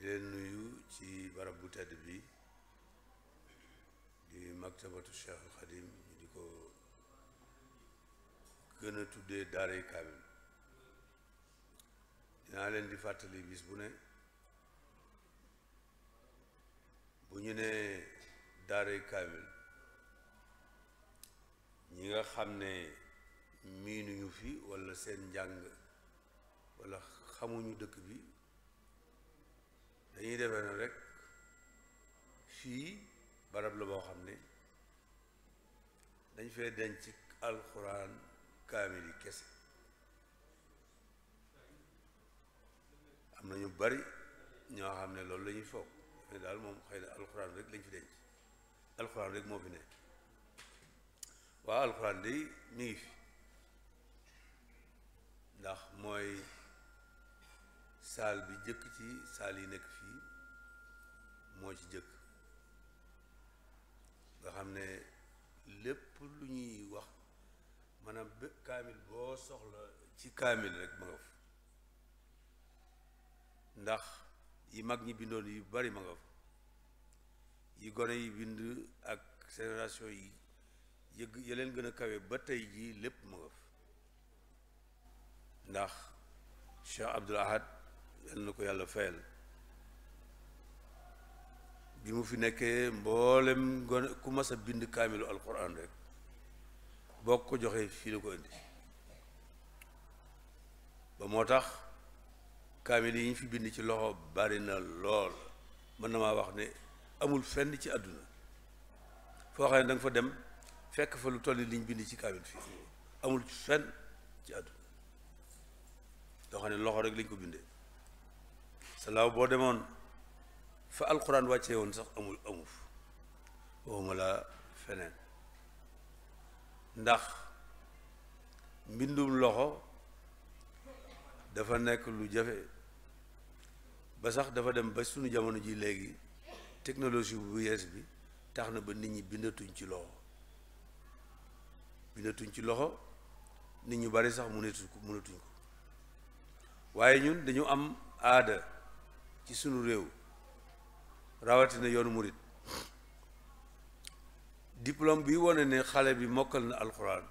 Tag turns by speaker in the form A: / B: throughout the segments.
A: di leen nuyu ci barab bu tedd bi di maktabatu Cheikhul Xadim di ko gën a tuddee daaray kaamil dinaa leen di fàttali bis bu ne bu ñu nee daaray kaamil ñi nga xam ne miinuñu fi walla seen njàng walla xamuñu dëkk bi dañuy demee rek fi barab la bo xamné dañ fay denc ci alcorane kamil kese amna ñu bari ño xamné loolu lañuy fokk foog dal mom xeyna alcorane rek lañ fi denc alcorane rek mo fi ne wa alcorane day mi fi ndax moy saal bi jëkk ci saal yi nekk fii moo ci jëkk nga xam ne lépp lu ñuy wax maanaam bé kaamil boo soxla ci kaamil rek ma fa ndax yi mag ñi bindoon yu bari ma fa yi gone yi bind ak génération yi yëg yeleen gën a kawe ba tey jii lépp ma nga fa ndax Cheikh Abdoul Ahad yal na ko yàlla fayal bi mu fi nekkee mboolem gone ku mas bind kaamilu alquran rek boo ko joxee fii la ko indi ba moo tax kaamil yi ñu fi bind ci loxo bari na lool mën na maa wax ne amul fenn ci àdduna foo xam ne da fa dem fekk fa lu toll ni liñ bind ci kaamil fii amul fenn ci àdduna loo xam ne loxo rek lañ ko bindee salaaw boo demoon fa alquran wàccee woon sax amul amuf waxuma la feneen ndax mbindum loxo dafa nekk lu jafe ba sax dafa dem ba suñu jamono ji léegi technologie bu yees bi tax na ba nit ñi bindatuñ ci loxo bindatuñ ci loxo nit ñu bari sax mënatuñ ko mënatuñ ko waaye ñun dañu am aada ci sunu réew rawatina yoonu murit diplôme bi wane ne xale bi mokkal na alxuraan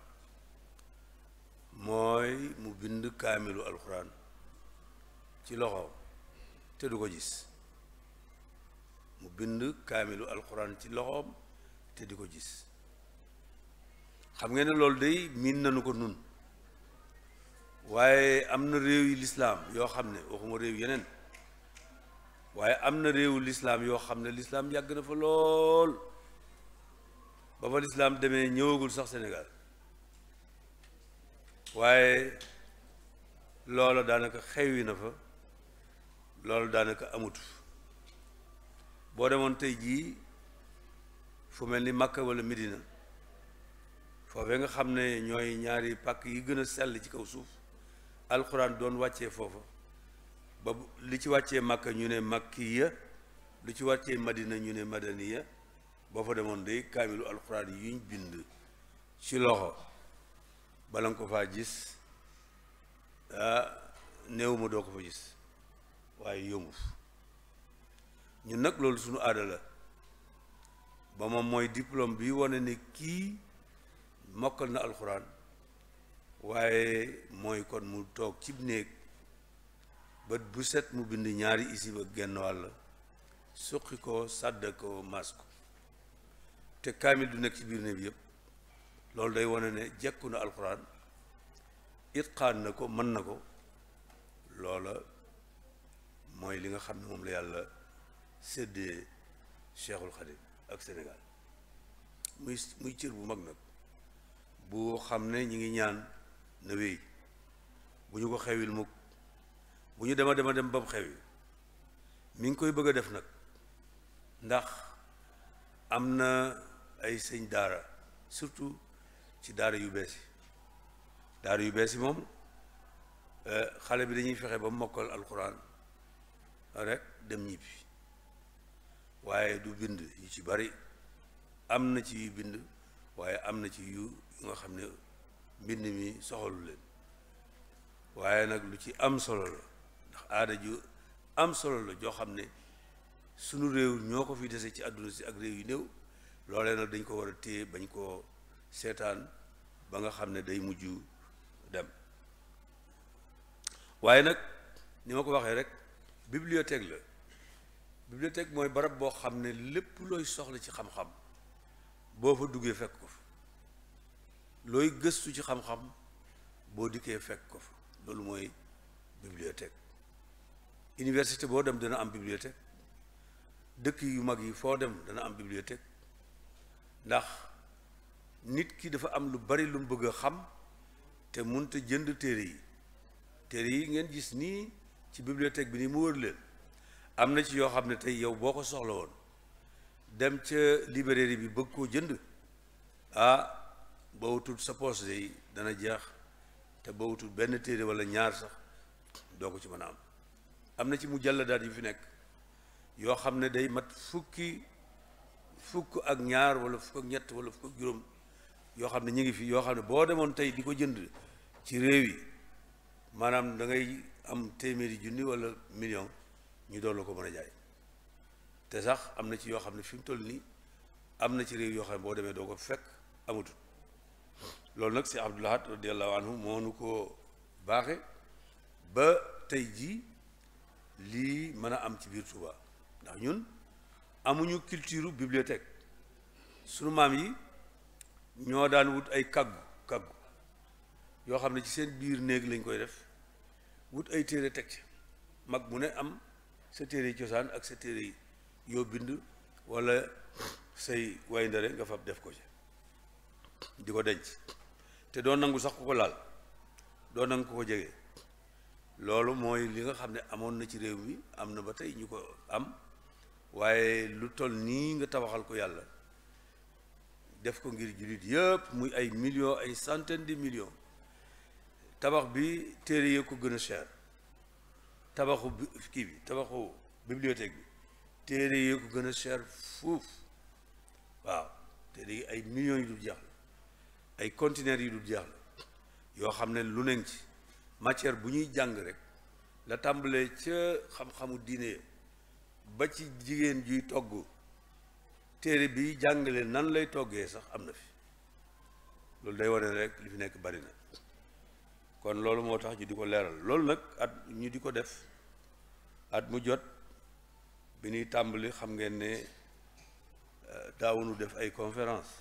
A: mooy mu bind kaamilu alxuraan ci loxo te du ko gis mu bind kaamilu alxuraan ci loxoom te du ko gis xam ngeen ne loolu day miin nañu ko nun waaye am na réew yi lislaam yoo xam ne waxuma réew yeneen waaye am na réewu lislaam yoo xam ne lislaam yàgg na fa lool ba fa lislaam demee ñëwagul sax Sénégal waaye loola daanaka xewwi na fa loolu daanaka amut boo demoon tey jii fu mel ni màkk wala Medina foofee nga xam ne ñooy ñaari pàkk yi gën a sell ci kaw suuf alxuraan doon wàccee foofa ba li ci wàccee Makka ñu ne makki makkiya lu ci wàccee Madina ñu ne madaniya boo fa demoon day kaamilu alxuraan yuñ bind ci loxo bala ko faa gis ah néewuma doo ko fa gis waaye yombul ñu nag loolu sunu aadala ba moom mooy diplôme bi wane ne kii mokkal na alxuraan waaye mooy kon mu toog cib néeg bët bu set mu bind ñaari isib ak genn wàll suqi ko sàdd ko maas ko te kaamil du nekk ci biir ne bi yëpp loolu day wane ne jekku na alxuraan itqaan na ko mën na ko loola mooy li nga xam ne moom la yàlla séddee Cheikhul Khadim ak Sénégal muy muy cër bu mag nag boo xam ne ñu ngi ñaan na wéy bu ñu ko xewil mukk buñu dama dama dem bam mu xew mi ngi koy bëgg def nak ndax amna ay sëñ daara surtout ci daara yu bees yi daara yu bees mom euh xale bi dañuy fexe ba mokal alquran rek dem fi waye du bind yu ci bari amna ci yu bind waye amna ci yu nga xamné bind mi soxalu len waye nak lu ci am solo la aada ju am solo la joo xam ne sunu réew ñoo ko fi dese ci àdduna si ak réew yu néew loolee nag dañ ko war a téye bañ koo seetaan ba nga xam ne day mujj dem waaye nag ni ma ko waxee rek bibliothèque la bibliothèque mooy barab boo xam ne lépp looy soxla ci xam-xam boo fa duggee fekk ko fa looy gëstu ci xam boo dikkee fekk ko loolu mooy bibliothèque université boo dem dana am bibliothèque dëkk yu mag yi foo dem dana am bibliothèque ndax nit ki dafa am lu bari lu mu bëgg xam te mënut a jënd téere yi téere yi ngeen gis nii ci bibliothèque bi nii mu wër leen am na ci yoo xam ne tey yow boo ko soxla woon dem ca librairie bi bëgg koo jënd ah boo wutul sa poos de dana jeex te boo wutul benn téere walla ñaar sax doo ko ci mën a am am na ci mu mujalladaat yu fi nekk yoo xam ne day mat fukki fukk ak ñaar wala fukk ak ñett wala fukk ak juróom yoo xam ne ñu ngi fi yoo xam ne boo demoon tey di ko jënd ci réew yi maanaam dangay am téeméeri junni wala million ñu doon la ko mën a jaay te sax am na ci yoo xam ne fi mu toll nii am na ci réew yoo xam ne boo demee doo ko fekk amatul loolu nag si Abdul Ahad radiyallahu anhu moo nu ko baaxe ba tey jii lii mën a am ci biir Touba ndax ñun amuñu culture bibliothèque sunu maam yi ñoo daan wut ay kaggu kaggu yoo xam ne ci seen biir néeg lañ koy def wut ay téere teg ci mag mu ne am sa téere yi cosaan ak sa téere yi yoo bind walla say way nga fab def ko ci di ko denc te doo nangu sax ku ko laal doo nangu ku ko jege loolu mooy li nga xam ne amoon na ci réew mi am na ba tey ñu ko am waaye lu toll nii nga tabaxal ko yàlla def ko ngir jullit yëpp muy ay million ay centaines di million tabax bi téere yi ko gën a cher tabaxu kii bi tabaxu bibliothèque bi téere yi ko gën a cher fuuf waaw téere yi ay millions yu dul jeex la ay conteneurs yu dul jeex la yoo xam ne lu nekk ci matière bu ñuy jàng rek la tàmbalee ca xam-xamu diine ba ci jigéen juy togg téere bi jàngale nan lay toggee sax am na fi loolu day wane rek li fi nekk bari na kon loolu moo tax ñu di ko leeral loolu nag at ñu di ko def at mu jot bi ñuy tàmbali xam ngeen ne euh, daawuñu def ay conférence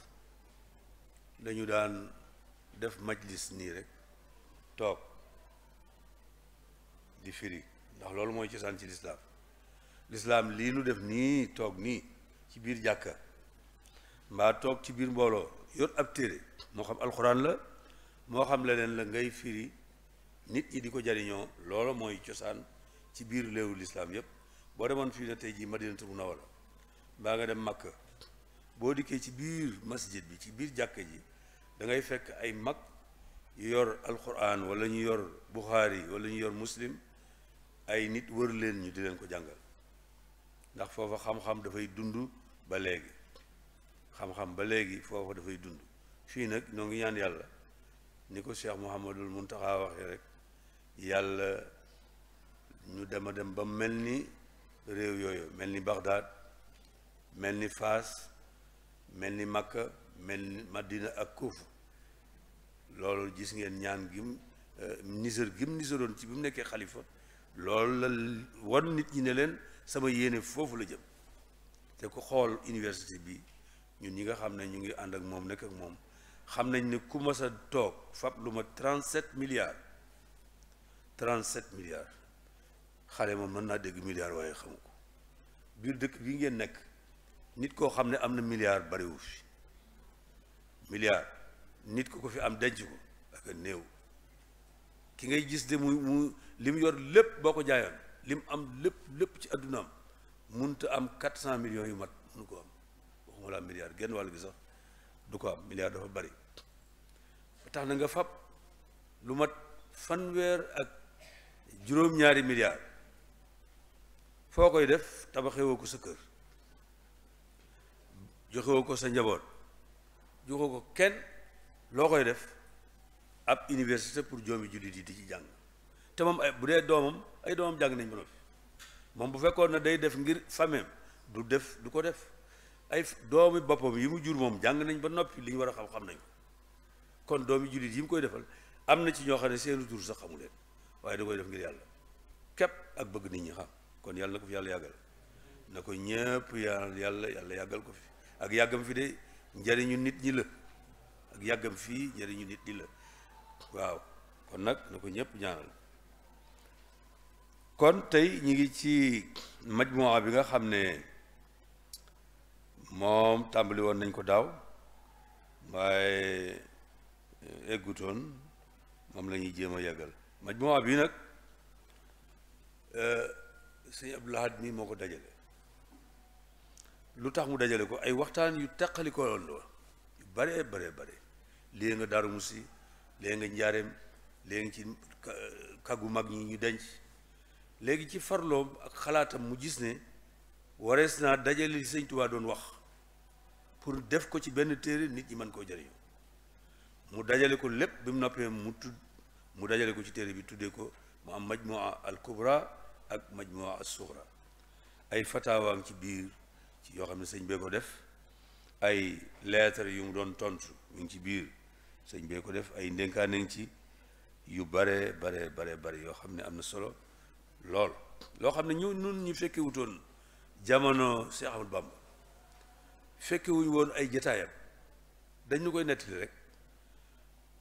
A: dañu daan def majlis nii rek toog di firi ndax loolu mooy cosaan ci lislaam lislaam lii lu def nii toog nii ci biir jàkka mbaa toog ci biir mbooloo yor ab téere moo xam alxuraan la moo xam leneen la ngay firi nit ñi di ko jariñoo loolu mooy cosaan ci biir réewu lislaam yépp boo demoon fii na tey jii madinatul munawwara mbaa nga dem makka boo dikkee ci biir masjid bi ci biir jàkka ji dangay fekk ay mag yu yor alquran wala ñu yor buxaari wala ñu yor muslim ay nit wër leen ñu di leen ko jàngal ndax foofa xam-xam dafay dund ba léegi xam-xam ba léegi foofa dafay dund fii nag ñoo ngi ñaan yàlla ni ko Cheikh Mouhamadul Muntaxa waxee rek yàlla ñu dema dem ba mel ni réew yooyu mel ni mel Makka mel Madina ak Kuufu loolu gis ngeen ñaan gim euh, nisër gim nisëroon ci bi mu nekkee loolu la wan nit ñi ne leen sama yéene foofu la jëm te ku xool université bi ñun ñi nga xam ne ñu ngi ànd ak moom nekk ak moom xam nañ ne ku mas a toog fab lu ma 37 milliards 37 milliards xare moom mën naa dégg milliards waaye xamu ko biir dëkk bi ngeen nekk nit koo xam ne am na milliard bariwu fi milliard nit ku ko fi am denc ko ak néew ki ngay gis de mu mu li mu yor lépp boo ko jaayoon li mu am lépp lépp ci àddunaam munta am quatre cent millions yu mat munu ko am waxuma laa milliard genn wàll gi sax du ko am milliard dafa bari tax na nga fab lu mat fanweer ak juróom-ñaari milliard foo koy def tabaxewoo ko sa kër joxewoo ko sa njaboot joxoo ko kenn loo koy def ab université pour jomi julli di di ci jàng te mom ay bu ay domam jang nañ ba mom bu fekkoon na day def ngir famem du def du ko def ay domi boppam yi mu jur mom jang nañ ba nopi li wara xam-xam nañ kon domi julli yi mu koy defal amna ci ño xane ne tour sax xamulé waye da koy def ngir yalla kep ak bëgg nit ñi xam kon yalla na ko fi yalla yagal nako ñepp yalla yalla yalla yagal ko fi ak yagam fi de njariñu nit ñi la ak njariñu nit di la waaw kon nag na ko ñëpp ñaanal kon tey ñi ngi ci majmuwa bi nga xam ne moom tàmbali woon nañ ko daaw waaye eh, eggutoon moom lañuy jéem a yàggal majmuwa bi nag eh, sëñ Abdou Lahad mi moo ko dajale lu tax mu dajale ko ay waxtaan yu teqalikoo loon yu bare bare bare lii nga Daaru Musi léegi nga njaareem léegi ci kaggu mag ñi ñu denc léegi ci farloom ak xalaatam mu gis ne warees naa dajale li doon wax pour def ko ci benn téere nit ñi mën koo jëriñoo mu dajale ko lépp bi mu noppee mu tudd mu dajale ko ci téere bi tuddee ko mu am majmua al kubra ak majmua al sughra ay fataawaam ci biir ci yoo xam ne sëñ bee ko def ay lettre yu mu doon tontu mu ngi ci biir sëñ bee ko def ay ndénkaan nañ ci yu bare bare bare bare yoo xam ne am na solo lool loo xam ne ñu nun ñu fekke wutoon jamono Cheikh Ahmadou Bamba fekke wuñ woon ay jataayam dañ ñu koy nettali rek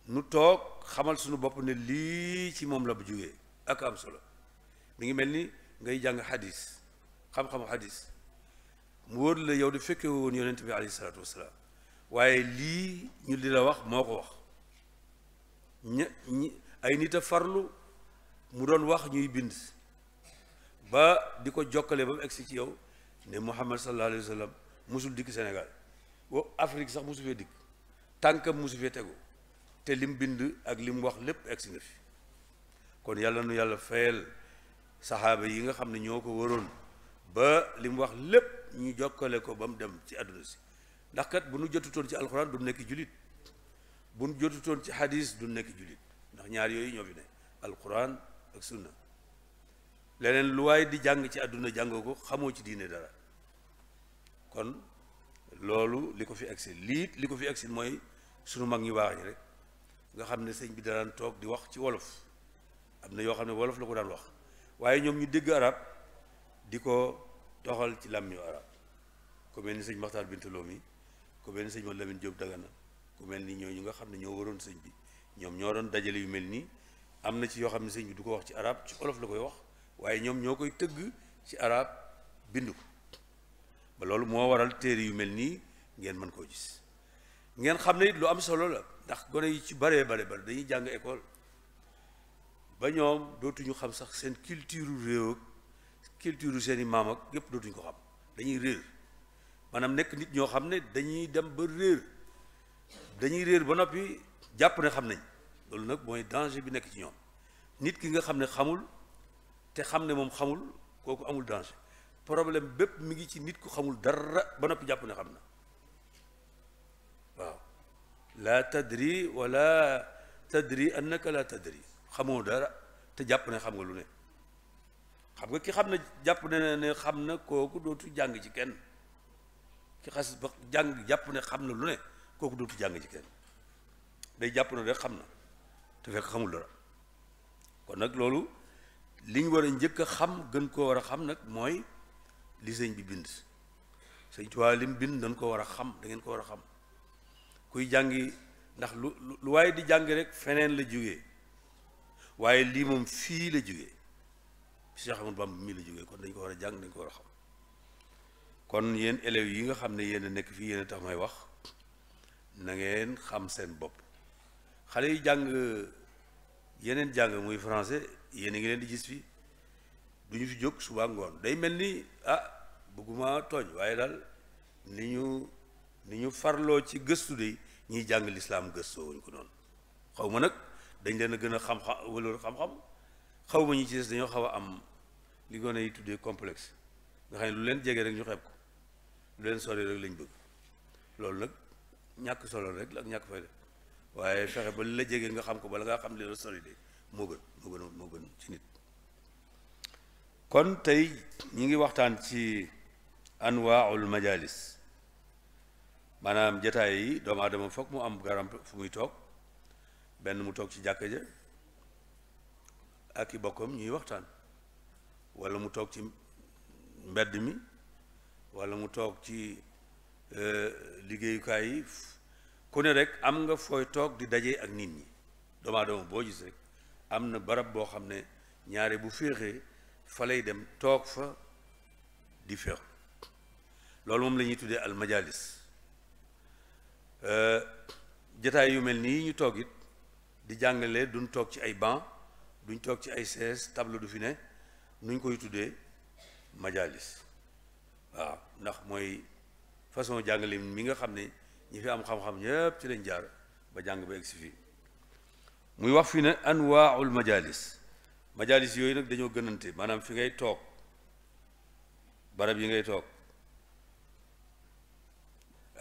A: nu toog xamal suñu bopp ne lii ci moom la bu jógee ak am solo mi ngi mel ni ngay jàng xadis xam-xamu xadis mu wóor la yow di fekke woon yonent bi alayhi salaatu wasalaam waaye lii ñu di la wax moo ko wax Aini ay nit farlu mu don wax ñuy bind ba di ko ba ci yow ne Muhammad sallallahu alayhi Wasallam musul dik Sénégal wo Afrique sax musu fee dikk musu tegu te lim bind ak lim wax lepp ex na fi kon yalla nu yalla fayal sahaba yi nga xam ñoko ñoo ba lim wax lepp ñu jokkale ko bam dem ci aduna ci ndax kat bu nu ton ci alcorane du nekk julit buñ jotutoon ci xadis du nekk jullit ndax ñaar yooyu ñoo fi ne alquran ak sunna leneen lu waaye di jàng ci àdduna jàngoo ko xamoo ci diine dara kon loolu li ko fi agsi lii li ko fi agsi mooy sunu mag ñu baax ñi rek nga xam ne sëñ bi daan toog di wax ci wolof am na yoo xam ne wolof la ko daan wax waaye ñoom ñu dégg arab di ko doxal ci làmmiñu arab ku mel ni sëñ Maxtaar Bintaloo mi ku ni sëñ Mat Lamin Jóob Dagana ku mel ni ñooñu nga xam ne ñoo waroon sëñ bi ñoom ñoo doon dajale yu mel nii am na ci yoo xam ne sëñ bi du ko wax ci arab ci olof la koy wax waaye ñoom ñoo koy tëgg ci arab bind ko ba loolu moo waral téere yu mel nii ngeen mën koo gis ngeen xam ne it lu am solo la ndax gone yi ci baree bare bare dañuy jàng école ba ñoom dootuñu xam sax seen culture réew ak culture seen i maam ak yépp dootuñu ko xam dañuy réer maanaam nekk nit ñoo xam ne dañuy dem ba réer dañuy réer ba noppi jàpp ne xam nañ loolu nag mooy danger bi nekk ci ñoom nit ki nga xam ne xamul te xam ne moom xamul kooku amul danger problème bépp mu ngi ci nit ku xamul dara ba noppi jàpp ne xam na waaw laa tadri wala tadri annaka laa tadri xamoo dara te jàpp ne xam nga lu ne xam nga ki xam ne jàpp ne ne xam na kooku dootu jàng ci kenn ki xas ba jàng jàpp ne xam na lu ne kooku dootu jàng ci kenn day jàpp na rek xam na te fekk xamul dara kon nag loolu li war a njëkk a xam gën koo war a xam nag mooy li sëñ bi bind sëñ Tuubaa lim bind dañ ko war a xam da ko war a xam kuy jàngi ndax lu lu waaye di jàng rek feneen la jógee waaye lii moom fii la jógee Cheikh Ahmadou mii la jógee kon dañ ko war a jàng dañ ko war a xam kon yéen élèves yi nga xam ne yéen a nekk fii yéen a tax may wax na xam seen bopp xale yi jàng yeneen jàng muy français yéen a ngi leen di gis fii du ñu fi jóg suba ngoon day mel ni ah bëgguma tooñ waaye daal ni ñu ni ñu farloo ci gëstu de ñiy jàng lislaam gëstoo wuñ ko noonu xaw ma nag dañ leen a gën a xam-xam wala xam-xam xaw ma ñi ci des dañoo xaw a am li gone yi tuddee complexe nga xam ne lu leen jege rek ñu xeeb ko lu leen sori rek lañ bëgg loolu nag ñàkk solo rek la ak ñàkk fayda waaye fexe ba la jege nga xam ko bala ngaa xam li la sori de moo gën moo gën moo gën ci nit kon tey ñi ngi waxtaan ci anwaaul majalis maanaam jataay yi doomu aadama foog mu am garam fu muy toog benn mu toog ci jàkka ja ak i bokkam ñuy waxtaan wala mu toog ci mbedd mi wala mu toog ci Euh, liggéeyukaay yi ku ne rek am nga fooy toog di daje ak nit ñi doomu aadama boo gis rek am na barab boo xam ne ñaare bu féexee fa lay dem toog fa di féex loolu moom lañuy tuddee al majalis euh, jataay yu mel nii ñu toog it di jàngale duñ toog ci ay banc duñ toog ci ay chaise table du fi ne nuñ koy tuddee majalis waaw ndax mooy façon jangalim mi nga xamne ñi fi am xam-xam ñëpp ci lañ jaar ba jàng ba egsi fi muy wax fi ne anwa'ul majalis majalis yoy nak dañu gënante manam fi ngay tok barab yi ngay tok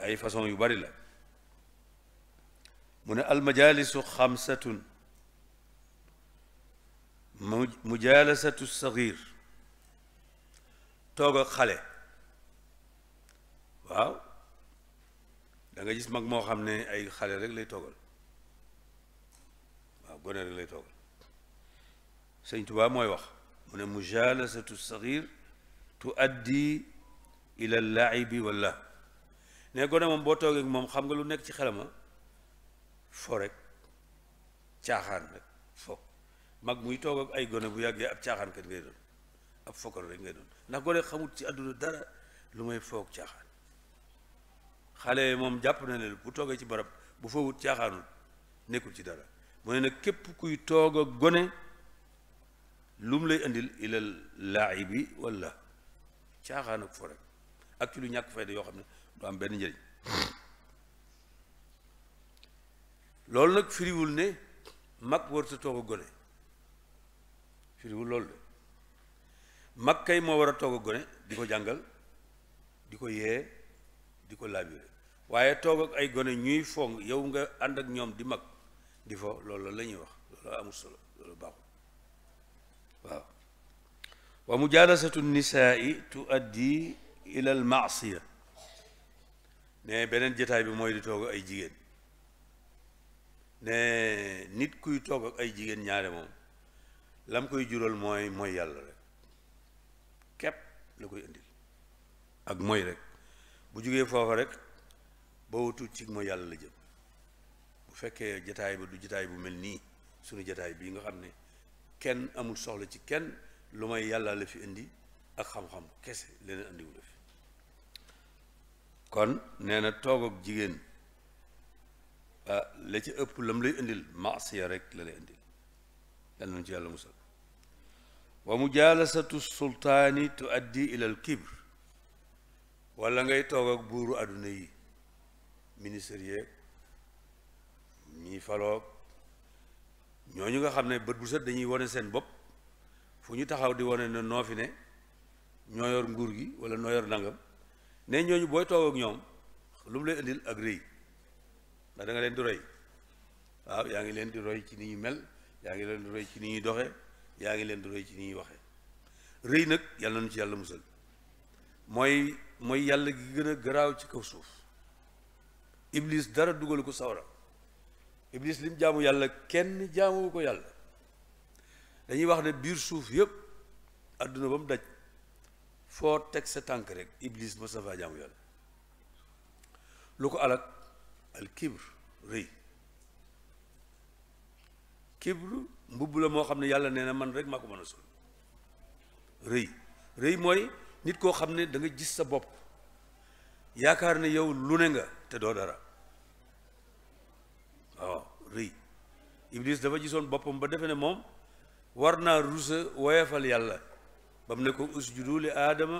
A: ay façon yu bari la mu al majalis khamsatun mujalasatu sagir toog ak xale واو دا نجي اسمع مو خامنئي أي خالد رجلي توكل واو غنر رجلي توكل سنتوا ما يوح من مجالسة الصغير تؤدي إلى اللعب والله نقول من بوتوك من خامنئي لونك تخلما فورك تشاخان فوق mag muy togo ay gone bu yagge ab tiaxan ke ngay don ab fokor rek ngay don ndax gone xamut ci aduna dara xale moom jàpp na ne bu toogee ci barab bu fa wut caaxaanul nekkul ci dara mu ne nag képp kuy toog a gone lu mu lay indil ilal bi walla caaxaan ak fo rek ak ci lu ñàkk fayda yoo xam ne du am benn njëriñ loolu nag firiwul ne mag war a toog a gone firiwul loolu de mag kay moo war a toog a gone di ko jàngal di ko yee di ko labiré waaye toog ak ay gone ñuy fong yow nga ànd ak ñoom di mag di fo loolu la wax loolu amul solo loolu baaxul waaw wa mujalasatu nisaai tuaddi ila al maasiya ne beneen jataay bi mooy di toog ay jigéen ne nit kuy toog ak ay jigéen ñaare moom lam koy jural mooy mooy yàlla rek képp la koy indil ak mooy rek bu jugee fofu rek ba wutu ci mo yàlla la jëm bu fekke jotaay ba du jotaay bu melni sunu jotaay bi nga xamne kenn amul soxla ci kenn lumay yàlla la fi indi ak xam-xam kesse leen andi wu def kon neena na toog ak jigéen ah la ci ëpp lam lay indil maasiya rek la lay andil yàlla nañu ci yàlla musal wa mujalasatu sultani tuaddi ila al kibr wala ngay toog ak buuru àdduna yi ministre yeeg ñi faloog ñooñu nga xam ne bët bu set dañuy wane seen bopp fu ñu taxaw di wane na noo fi ne ñoo yor wala noo nangam ne ñooñu booy toog ak ñoom lu mu lay indil ak rëy ndax da leen di roy waaw yaa ngi leen di roy ci ni ñu mel yaa ngi leen di roy ci ni ñuy doxe yaa ngi leen di roy ci ni ñuy waxe rëy nag yàlla na ñu ci yàlla musal mooy mooy yàlla gi gën a garaaw ci kaw suuf iblis dara dugalu ko sawara iblis lim jaamu yàlla kenn jaamu ko yàlla dañuy wax ne biir suuf yëpp àdduna ba mu daj foo teg sa tànk rek iblis ma sa faa jaamu yàlla lu ko alak al kibr rëy kibr mbubb la moo xam ne yàlla nee na man rek ma ko mën a sol rëy rëy mooy nit koo xam ne danga nga gis sa bopp yaakaar ne yow lu ne nga te doo dara waaw rëy Iblis dafa gisoon boppam ba defe ne moom war naa rusa woyefal yàlla ba mu ne ko usjudu li aadama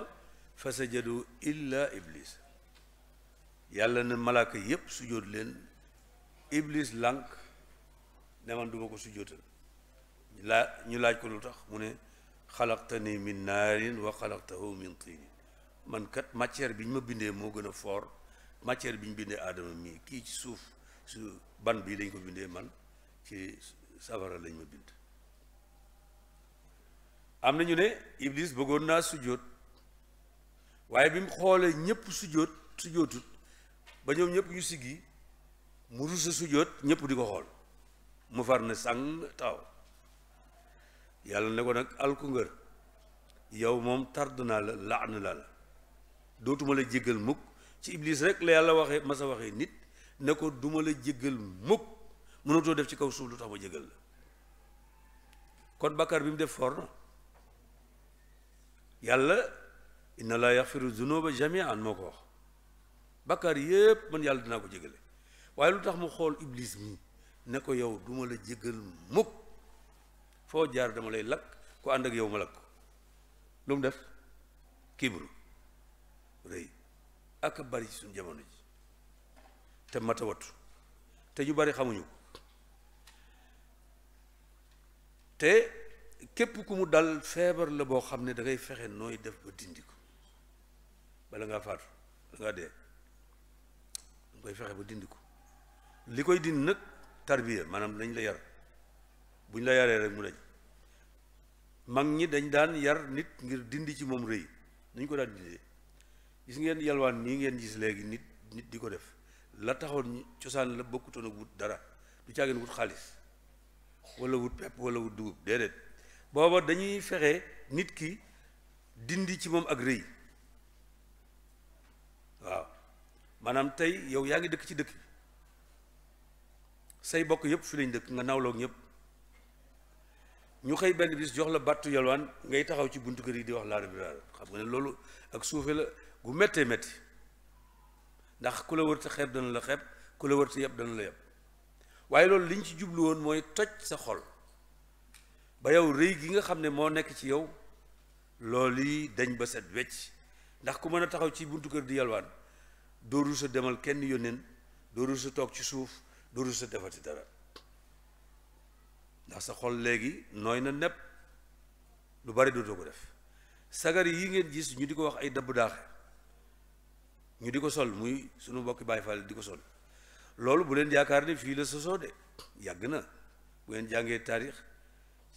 A: fa sajadu illa Iblis yàlla na malaaka yépp sujjóot leen Iblis lànk ne man duma ko sujjóotal ñu laaj ñu laaj ko lu tax mu ne xalaqtani min naarin wa xalaqtahu min tinin man kat matière bi ñu ma bindee moo gën a fort matière bi ñu bindee aadama mii kii ci suuf su ban bii lañ ko bindee man ci safara lañ ma bind am na ñu ne iblis bëggoon naa sujjóot waaye bi mu xoolee ñépp sujjóot sujjóotut ba ñoom ñépp ñu siggi mu rusa sujjóot ñépp di ko xool mu far na sàng taw yàlla ne ko nag alku ngër yow moom tard naa la laan naa la dootuma la jéggal mukk ci iblis rek la yàlla waxee masa waxee nit ne ko duma la jéggal mukk mënatoo def ci kaw suuf lu tax ma jéggal la kon bàkkaar bi mu def for na yàlla inna laa yaxfiru zunuba jamian moo ko wax bàkkaar yépp man yàlla dinaa ko jégale waaye lu tax mu xool iblis mi ne ko yow duma la jéggal mukk foo jaar dama lay lakk ku ànd ak yow ma lakk ko lu mu def kibru rëy ak bari ci suñ jamono ji te mata wattu te ñu bari xamuñu ko te képp ku mu dal feebar la boo xam ne dangay ngay fexe nooy def ba dindi ko bala ngaa faatu bala ngaa dee da koy fexe ba dindi ko li koy dind nag tarbiya maanaam lañ la yar bu ñu la yaree rek mu dañ mag ñi dañ daan yar nit ngir dindi ci moom rëy nu ñu ko daan dindee gis ngeen yalwaan nii ngeen gis léegi nit nit di ko def la taxoon cosaan la bokkutoon ak wut dara du caageen wut xaalis wala wut pepp wala wut booba dañuy fexe nit ki dindi ci moom ak rëy waaw maanaam tey yow yaa ngi dëkk ci dëkk bi say bokk yëpp fi lañ dëkk nga nawloog ñëpp ñu xëy benn bis jox la battu yalwaan ngay taxaw ci buntu kër yi di wax laa rabbi xam nga ne loolu ak suufe la gu méttee métti ndax ku la wër te xeeb dana la xeeb ku la wër te yeb dana la yeb waaye loolu liñ ci jublu woon mooy toj sa xol ba yow rëy gi nga xam ne moo nekk ci yow loolu yi dañ ba set wecc ndax ku mën a taxaw ci buntu kër di yalwaan doo rusa demal kenn yónneen doo rusa toog ci suuf doo rusa defati dara ndax sa xol léegi nooy na nepp lu bari dootoo ko def sagar yi ngeen gis ñu di ko wax ay dabb daaxe ñu di ko sol muy sunu mbokki Baay Faal di ko sol loolu bu leen yaakaar ne fii la sosoo de yàgg na bu ngeen jàngee taarix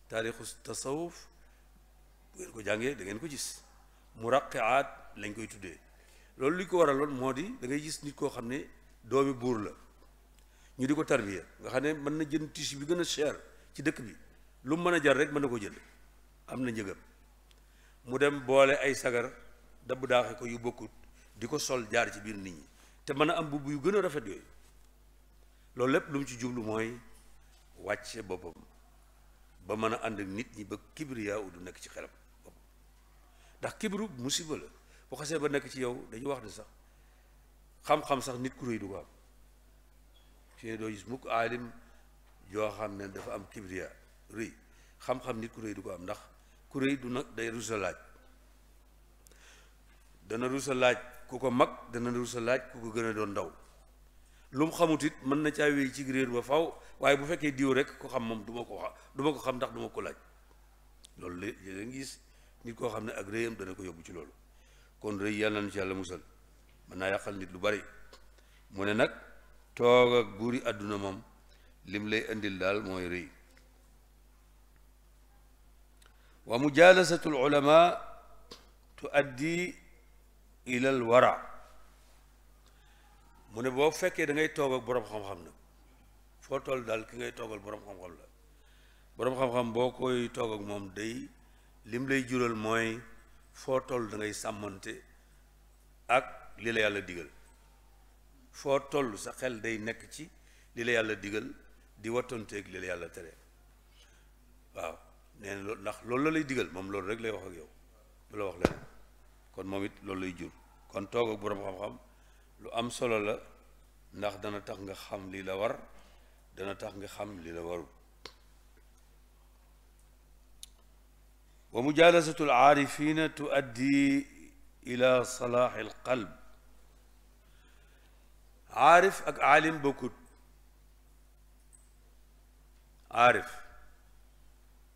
A: taarixu tasawuf bu ngeen ko jàngee da ngeen ko gis muraqaat lañ koy tuddee loolu li ko war waraloon moo di da ngay gis nit koo xam ne doomi buur la ñu di ko tarbiya nga xam ne mën na jënd tissu bi gën a cher ci dëkk bi lu mu mën a jar rek mën na ko jënd am na njëgam mu dem boole ay sagar dabb daaxe ko yu bokkut di ko sol jaar ci biir nit ñi te mën a am bubb yu gën a rafet yooyu loolu lépp lu mu ci jublu mooy wàcce boppam ba mën a ànd nit ñi ba kibriyaa du nekk ci xelam boppam ndax kibru musiba la bu xasee ba nekk ci yow dañuy wax ne sax xam-xam sax nit ku réy du ko am fi ne doo gis aalim yoo xam ne dafa am kibriya rëy xam-xam nit ku rëy du ko am ndax ku rëy du nag day rusa laaj dana rusa laaj ku ko mag dana rusa laaj ku ko gën a doon ndaw lu xamut it mën na caa wéy ci réer ba faw waaye bu fekkee diw rek ko xam moom duma ko xam ko xam ndax duma ko laaj loolu la la gis nit koo xam ne ak réyam dana ko yóbbu ci loolu kon rëy yàlla na ci yàlla musal mën naa yàqal nit lu bari mu ne nag toog ak buuri àdduna moom lim lay indil daal mooy rëy wa mujalasatu ulama tuaddi ila al wara mu ne boo fekkee da ngay toog ak borom xam-xam nag foo toll daal ki ngay toogal borom xam-xam la borom xam-xam boo koy toog ak moom day lim lay jural mooy foo toll da ngay sàmmante ak li la yàlla digal foo toll sa xel day nekk ci li la yàlla digal di wattanteeg li la yàlla tere waaw nee na ndax loolu la lay diggal mom loolu rek lay wax ak yow du la wax lén kon momit it loolu lay jur kon togo ak boroom xam-xam lu am solo la ndax dana tax nga xam li la war dana tax nga xam li la warul wa mujalasatu al aarifina tuaddi ila salaaxi al qalb aarif ak aalim bokkut aarif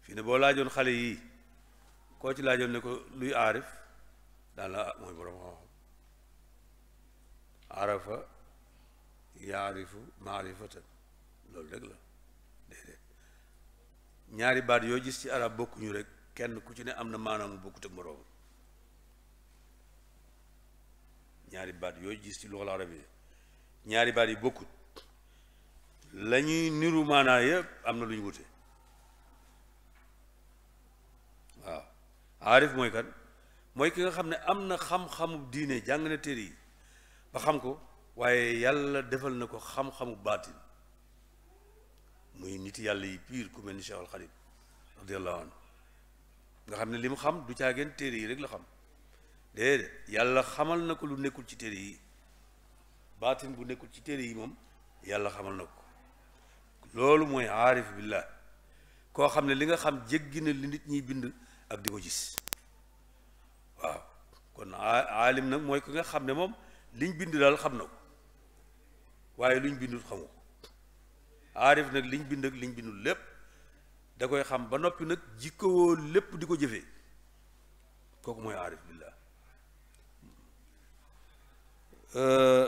A: fii ne boo laajoon xale yii koo ci laajoon ne ko luy aarif daan la ah, mooy boroom xam-xam arafa yaarifu maarifatan loolu rek la déedéet ñaari baat yoo gis ci arab bokkuñu rek kenn ku ci ne am na maanaam bokkut ak moroom ñaari baat yoo gis ci loxol arab yi ñaari baat yi bokkut la ñuy niru maanaa yëpp am na lu ñu wute waaw aarif mooy kan mooy ki nga xam ne am na xam-xamu diine jàng na téere yi ba xam ko waaye yàlla defal na ko xam-xamu baatin muy nit yàlla yi piir ku mel ni Cheikh Al nga xam ne li xam du caageen téere yi rek la xam déedéet yàlla xamal na ko lu nekkul ci téere yi baatin bu nekkul ci téere yi moom yàlla xamal na ko loolu mooy aarif billah koo xam ne li nga xam jéggi na li nit ñiy bind ak di ko gis waaw kon aalim nag mooy ki nga xam ne moom liñ bind daal xam na ko waaye luñ bindul xamu ko aarif nag liñ bind ak liñ bindul lépp da koy xam ba noppi nag jikkowoo lépp di ko jëfee kooku mooy aarif billah euh,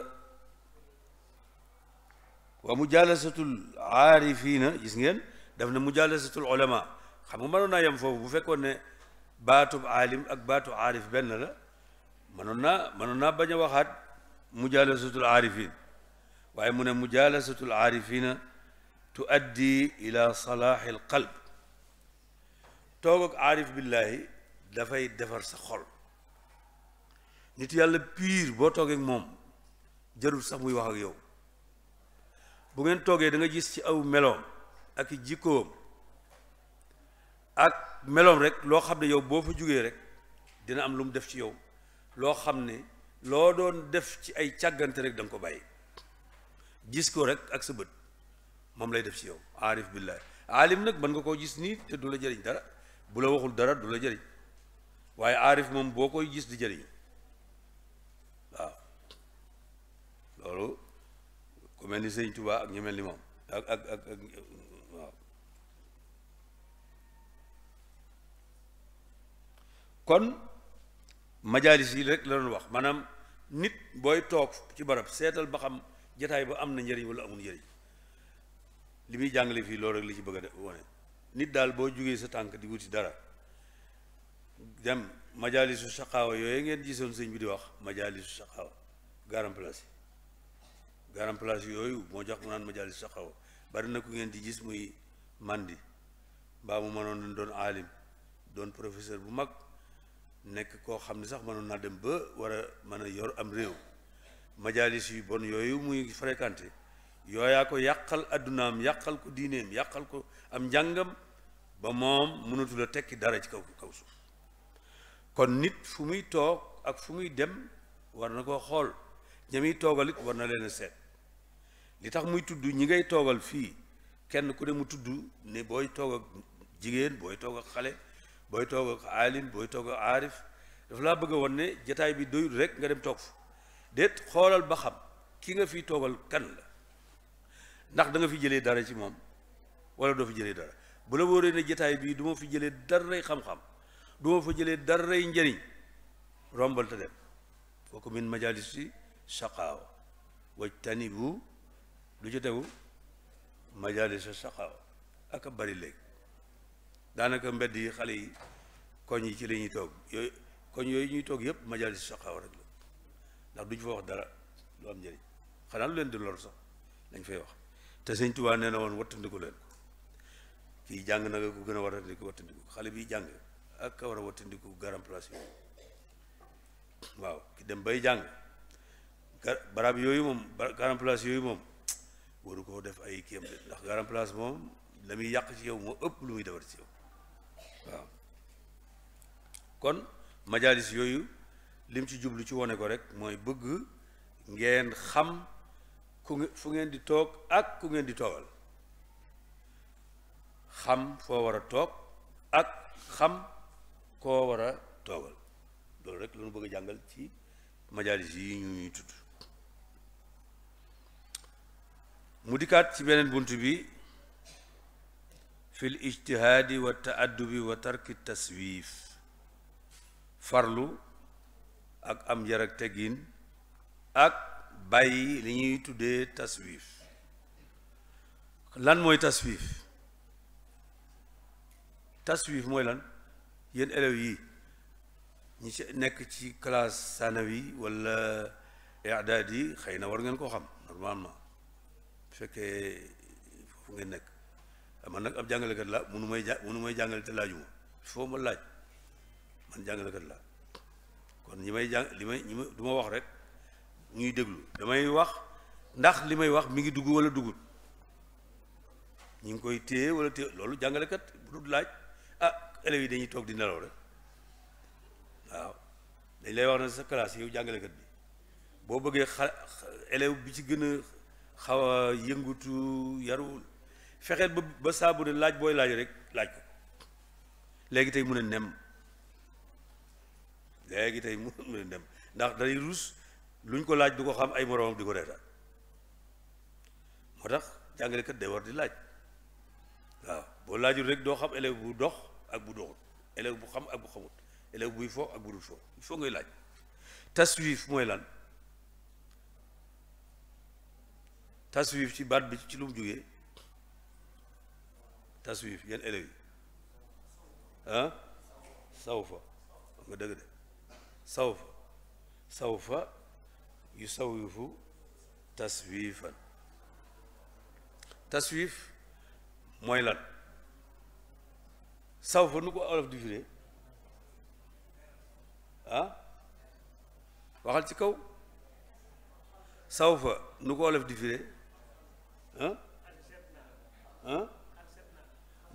A: ومجالسة العارفين جسنجن دفن مجالسة العلماء خمو منونا ينفو بفكونا باتو عالم اكباتو عارف بيننا منونا منونا بجا وخات مجالسة العارفين وعيمنا مجالسة العارفين تؤدي إلى صلاح القلب توقك عارف بالله دفاي دفر سخور نتيال بير بوتوك موم جرب سموي وحق يوم bu ngeen toogee danga gis ci aw meloom ak jikkoom ak meloom rek loo xam ne yow boo fa jógee rek dina am lu mu def ci yow loo xam ne loo doon def ci ay càggante rek da ko bàyyi gis ko rek ak sa bët moom lay def ci yow aarif billahi aalim nag mën nga koo gis nii te du la jëriñ dara bu la waxul dara du la jëriñ waaye aarif moom boo koy gis di jëriñ waaw loolu ku melni seigne touba ak ñu melni mom ak ak ak kon majalis yi rek la doon wax manam nit boy tok ci barab setal ba xam jotaay ba am na wala amul njëriñ limi jangale fi fii rek li ci bëgg a woné nit dal bo jógee sa tank di wuti dara dem majalisu shaqawa yoy ngeen gisoon seigne bi di wax majalisu shaqawa garam place garam place yoyu mo jox nan naan majalis saxaw bari na ku ngeen di gis muy mandi ba mu manon na don don doon professeur bu mag nek ko xamni sax manon na dem ba wara mana yor am réew majalis yu bon yoyu muy fréquenté yoya ko yakal adunam yakal ko dinem yakal ko am jangam ba mom mënatul tekki dara ci kaw kaw kon nit fumuy tok ak fumuy dem war na koo xool ña muy toogal it war li tax muy tudd ñi ngay toogal fii kenn ku ne mu tudd ne booy toog ak jigéen booy toog ak xale booy toog ak aalim booy toog ak aarif dafa laa bëgg a won ne jataay bi doyul rek nga dem toog fa déet xoolal ba xam ki nga fi toogal kan la ndax da nga fi jëlee dara ci moom wala doo fi jëlee dara bu la wóoree ne jataay bii du ma fi jëlee daray xam-xam du ma fa jëlee daray njëriñ rombal te dem kooku min majalis si saqaaw wajtanibu lu ci wu majalis saxaw ak bari léegi daanaka mbedd yi xale yi koñ yi ci la ñuy toog koñ yooyu ñuy toog yëpp majalis saxaw rek la ndax duñ fa wax dara lu am njëriñ xanaa lu leen di lor sax lañ fay wax te sëñ Tuubaa nee na woon wattandiku leen kii jang na nga ko gën a wattandiku wattandiku xale bi jang ak ka war wattandiku garam place waaw ki dem bay jang barab yooyu moom garam place yooyu waru koo def ay kéem de ndax garan place moom la muy yàq ci yow moo ëpp lu muy defar ci yow waaw kon majalis yooyu lim ci jublu ci wone ko rek mooy bëgg ngeen xam ku fu ngeen di toog ak ku ngeen di toogal xam foo war a toog ak xam koo war a toogal loolu rek loolu bëgg a jàngal ci majalis yi ñu ñuy tudd مديكات في بنين بنتبي في الاجتهاد والتأدب وترك التسويف فرلو اك ام يرك تجين اك باي لني تودي تسويف لان موي تسويف تسويف موي لان ين الوي ني نيك كلاس ثانوي ولا اعدادي خينا ورغن كو خام نورمالمون fekkee foofu ngeen nekk ah, man nag ab jàngalekat la munu may ja munu may jàngale te laaju ma foo ma laaj man jàngalekat la kon ñi may jàng li may ñi ma du ma wax rek ñuy déglu damay wax ndax li may wax mi ngi dugg wala dugut ñu ngi koy téye wala téye loolu jàngalekat bu dul laaj ah élèves yi dañuy toog di nelaw rek waaw dañ lay wax na sa classe yow jàngalekat bi boo bëggee xa élève bi ci gën a xaw a yëngutu yaruwul fexeel ba ba saabu ne laaj booy laaj rek laaj ko léegi tey mun a nem léegi tey mun a nem ndax day ruus luñ ko laaj du ko xam ay moroomam di ko reetaan moo tax jàngalekat day war di laaj waaw boo laajul rek doo xam élève bu dox ak bu doxut élève bu xam ak bu xamut élève buy fo ak bu dul fo il faut ngay laaj taswif mooy lan taswif ci baat bi ci lu mu jógee taswif yan élèves yi ah sawfa wax nga dëgg de sawfa sawfa yu sawifu taswifan taswif mooy lan sawfa nu ko olof di waxal ci kaw saw fa nu ko olof di ah ah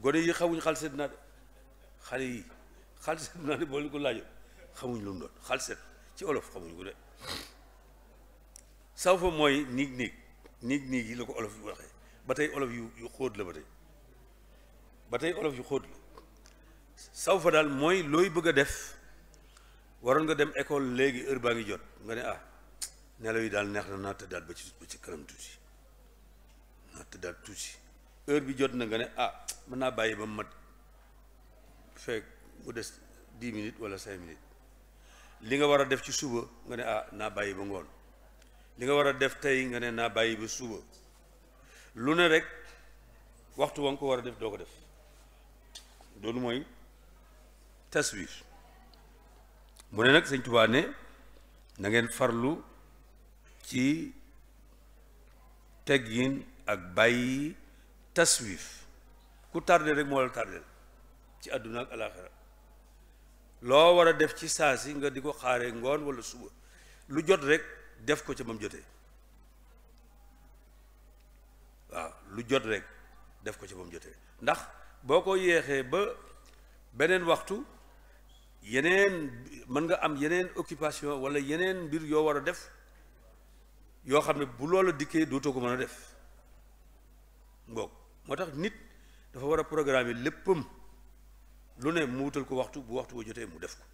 A: gone yi xamuñ xalset naa de xale yi xalset naa de boo leen ko laajoon xamuñ lu doon xalset ci olof xamuñ ko de saw fa mooy niig niig niig niig yi la ko olof yu waxee ba tey olof yu yu xóot la ba tey ba tey olof yu xóot la saw fa daal mooy looy bëgg a def waroon nga dem école léegi heure baa ngi jot nga ne ah nelaw yi daal neex na naa tëddaat ba ci ba ci kanam tuuti nga tëddaat heure bi jot na nga ne ah mën naa bàyyi ba mu mat fekk mu des dix minutes wala cinq minutes li nga war a def ci suba nga ne ah naa bàyyi ba ngoon li nga war a def tey nga ne naa bàyyi ba suba lu ne rek waxtu wan ko war a def doo ko def loolu mooy taswiir mu ne nag sëñ Tuubaa ne na farlu ci teggin ak bàyyi taswif ku tardé rek moo la tardé ci àdduna ak alaxira loo war a def ci saa si nga di ko xaaree ngoon wala suba lu jot rek def ko ca bam jotee waaw lu jot rek def ko ca bam jotee ndax boo ko yeexee ba beneen waxtu yeneen mën nga am yeneen occupation wala yeneen mbir yoo war a def yoo xam ne bu loola dikkee dootoo ko mën a def ngoog moo tax nit dafa war a programme programmer léppam lu ne mu wutal ko waxtu bu waxtu ba jotee mu def ko